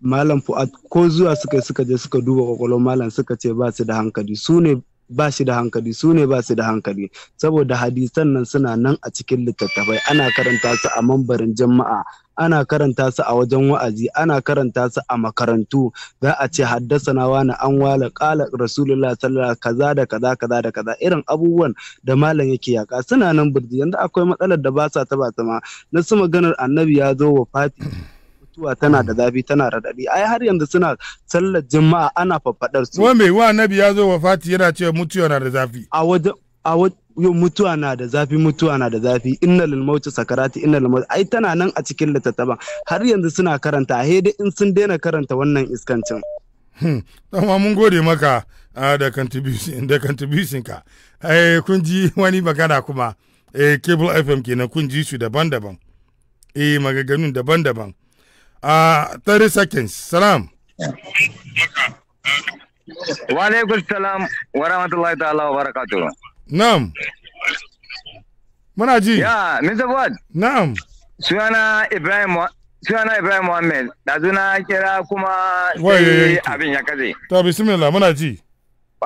S8: malam fu'ad ko zuwa suka suka je suka duba kwakwalwar malam suka ce ba su da hankali su ne ba shi da hankali su ne ba su da hankali saboda hadisan nan suna nan a cikin littattafai ana karanta su a mambarin jama'a ana karanta su a wajen wa'azi ana karanta su a makarantu za a ce haddasana wani an wala kala rasulullah sallallahu kaza da kaza kaza da kaza irin abubuwan da malam yake yaka suna nan burji yanzu akwai matsalar da ba sa taba ma na su maganar annabi ya zo wa fati mutuwa tana da zafi tana da raɗaɗi ai har yanzu suna sallar juma'a ana faffadar su wa me
S1: wa annabi ya zo wa fati yana cewa mutuwa na da zafi a wajen a yau mutuwa na da
S8: zafi mutuwa na da zafi inna lil mautu sakarati inna lil mautu ai tana nan a cikin littattafan har yanzu suna karanta a dai in sun daina karanta wannan iskancin
S1: hmm. amma mun gode maka da contribution da contribution ka eh kun ji wani magana kuma eh cable fm kenan kun ji su daban-daban eh magaganun daban-daban a 30 seconds salam
S7: wa alaikum salam wa rahmatullahi ta'ala wa barakatuh Na'am. Muna ji. Ya, Mr. Ford. Nam. Suyana Ibrahim Suyana Ibrahim Mohammed, da na kira kuma sai
S1: abin ya kaze. To, bismillah muna
S7: ji.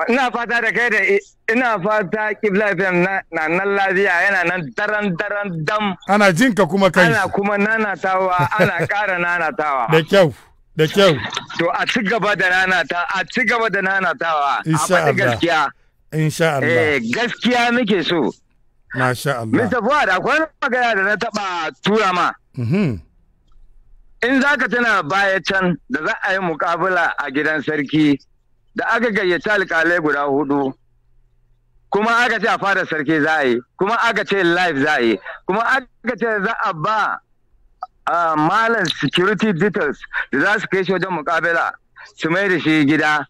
S7: Ina fata da kai da ina fata Kibla FM na nan lafiya yana nan daren daren dam. Ana jinka kuma kai. Ana kuma nanatawa, ana ƙara nanatawa. Da kyau. Da kyau. To a ci gaba da nanata, a ci gaba da nanatawa. Insha Allah. A faɗi gaskiya. Insha Allah. Eh gaskiya nake so. Masha Allah. Mr. Fuad akwai magana da na taba tura ma. Mhm. In za ka tana baya can da za a yi mukabula a gidan sarki da aka gayyata alƙalai guda hudu. kuma aka ce a fara sarki za a yi kuma aka ce live za a yi kuma aka ce za a ba ah, malam security details da za su kai shi wajen mukabila su mai da shi gida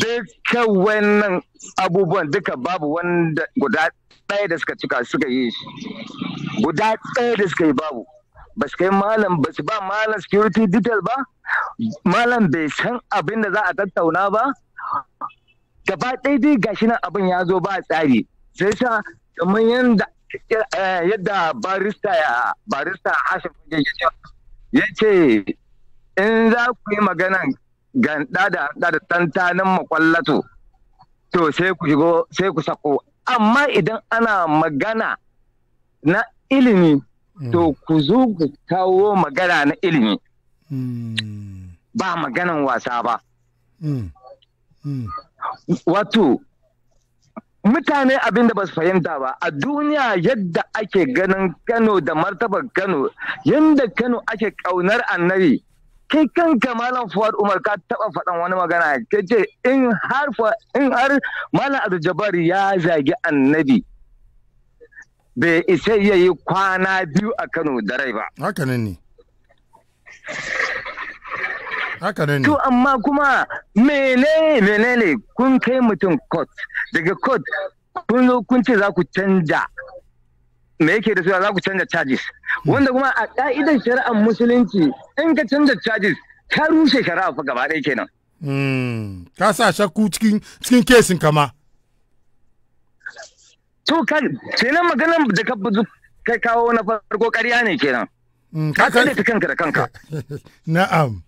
S7: duka wannan abubuwan duka babu wanda guda ɗaya da suka cika suka yi shi guda ɗaya da suka yi babu ba su kai malam ba su ba malam security detail ba malam bai san abin da za a tattauna ba gaba ɗaya dai gashi nan abin ya zo ba tsari sai sa kamar yadda eh, yadda barista ya barista hashim ya ce in za ku yi maganan ganda da da tantanin makwallato to sai ku shigo sai ku sako amma idan ana magana na ilimi to mm. ku zo ku kawo magana na ilimi mm. ba maganan wasa ba mm. wato mutane abinda da ba su fahimta ba a duniya yadda ake ganin kano da martabar kano yadda kano ake kaunar annabi kai kanka malam fuad umar ka taba faɗan wani magana ka ce in har in har malam abdul ya zagi annabi bai isa ya yi kwana biyu a kano da rai ba haka to amma kuma menene ne kun kai mutum kot? daga kot kun zo kun ce za ku canja me yake da su za ku canza charges wanda kuma a ka'idar shari'ar musulunci in ka canza charges ka rushe shari'a fa gaba ɗaya kenan hmm, ka sa shakku cikin cikin kesin kama to kan kenan maganar da ka kai kawo na farko ƙarya ne kenan hmm, ka san da kanka da kanka na'am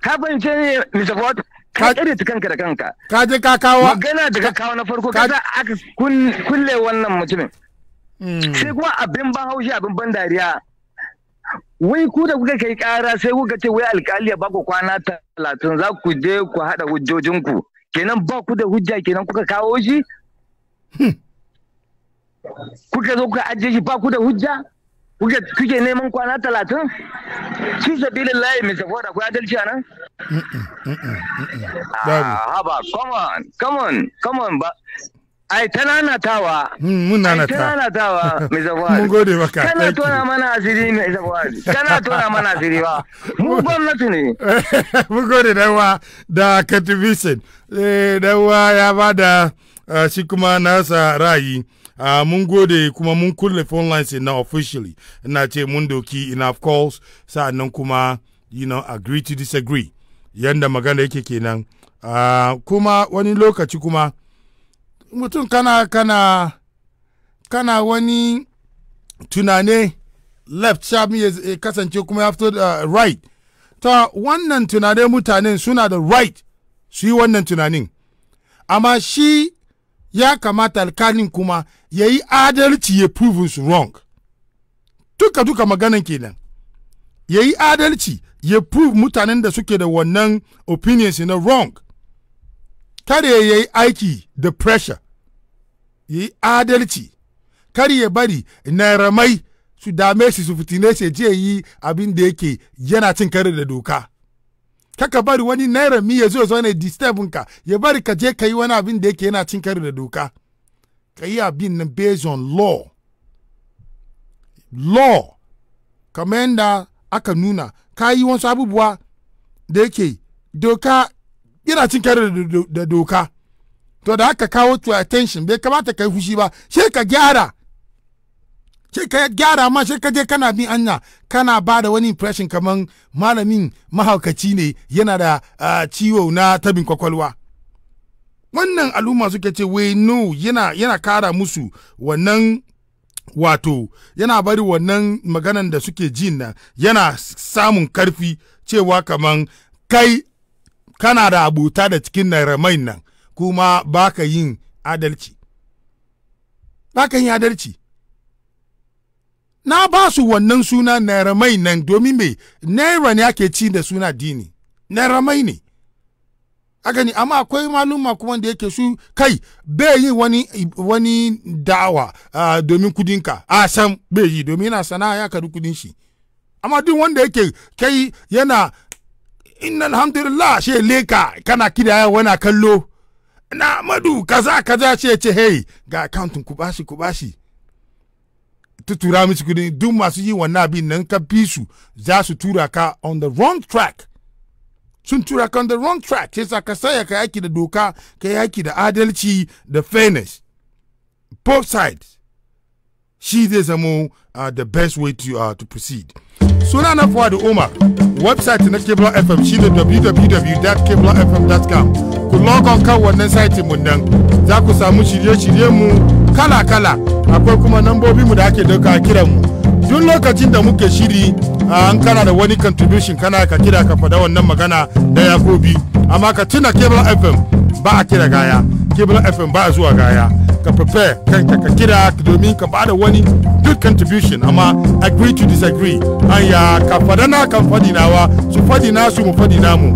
S7: ka fahimce ne Mr. Ford ka tsare kanka da kanka ka je ka kawo magana da ka kawo na farko ka za aka kulle wannan mutumin hmm. sai kuma abin ban haushi abin ban dariya wai ku da kuka kai kara sai kuka ce wai alkali ya baku kwana talatin za ku je ku haɗa hujjojinku kenan ba ku da hujja kenan kuka kawo shi hmm. kuka zo kuka ajiye shi ba ku da hujja kuke neman kwana talatin shi sabilin layi mai safo da kuwa adalci anan ah, haba come on come on come on ba ai ta nanatawa mm, mun nanata ta nanatawa mai zafuwa mun gode maka kana tona mana asiri mai zafuwa kana tona mana asiri ba mun gwamnati ne mun gode da wa da
S1: contribution eh da wa ya bada ah, shi kuma nasa ra'ayi Uh, mun gode kuma mun kulle phone lines na officially ina ce mun doki enough calls sa'annan kuma you know agree to disagree yanda magana yake kenan uh, kuma wani lokaci kuma mutum kana kana kana wani tunane left sharp ya kasance kuma ya fito da uh, right ta wannan tunane mutanen suna da right su yi wannan tunanin amma shi ya kamata alkalin kuma ya yi adalci ya prove su wrong duka duka maganan kenan ya yi adalci ya prove mutanen da suke da wannan opinions na wrong kare ya yi aiki da pressure ya yi adalci kare ya bari nairamai su dame shi su fitine shi je yi abin da yake yana cin kare da doka kaka bari wani naira mi ya zo ya zo ne disturbinka ya bari ka je ka yi wani abin da yake yana cin kare da doka ka yi abin nan based on law law kamar aka nuna ka yi wasu abubuwa da yake doka yana cin kare da doka to da aka kawo to attention bai kamata ka yi fushi ba she ka gyara she ka gyara ma she ka je kana bin anya kana ba da wani impression kamar malamin mahaukaci ne yana da ah, ciwo na tabin kwakwalwa wannan al'umma suke ce wai no yana kara musu wannan wato yana bari wannan maganan da suke jin na yana samun karfi cewa kaman kai kana da abota da cikin naramai nan kuma baka yin adalci baka yin adalci na ba su wannan suna naramai nan domin me naira ne ake ci da suna dini naramai ne a gani amma akwai maluma kuma da yake su kai bai yi wani wani da'awa uh, domin kudinka a san bai yi domin yana sana'a ya kari kudin shi amma duk wanda yake kai yana inna alhamdulillah she leka kana kidaya wani kallo na madu kaza kaza ce ce hey ga accountin ku bashi ku bashi tutura musu kudin duk masu yi wannan abin nan ka bi su za su tura ka on the wrong track sun tura kan the wrong track sai sa ka saya ka yaki da doka ka yaki da adalci da fairness both sides shi zai zamo uh, the best way to, uh, to proceed suna na fuwa da umar website na cable fm shi da www.cablefm.com ku log kan wannan site mu nan za ku samu shirye-shirye mu kala-kala akwai kuma nambobi mu da ake dauka kiran mu tun lokacin da muke shiri an kana da wani contribution kana ka kira ka faɗa wannan magana da ya ko amma ka tuna cable fm ba a kira gaya cable fm ba a zuwa gaya ka prepare kanka ka kira domin ka bada wani good contribution amma agree to disagree anya ka fada na kan fadi nawa su fadi nasu mu fadi namu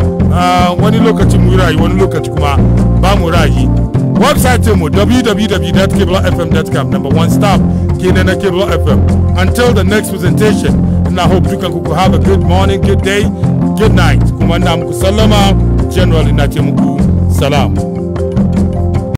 S1: wani lokaci mu rayu wani lokaci kuma ba mu rayu Website mu www.kiblafm.com. Number one stop, Kinana Kibla FM. Until the next presentation, and I hope you can have a good morning, good day, good night. Kumanda mku salama, generally nati salam.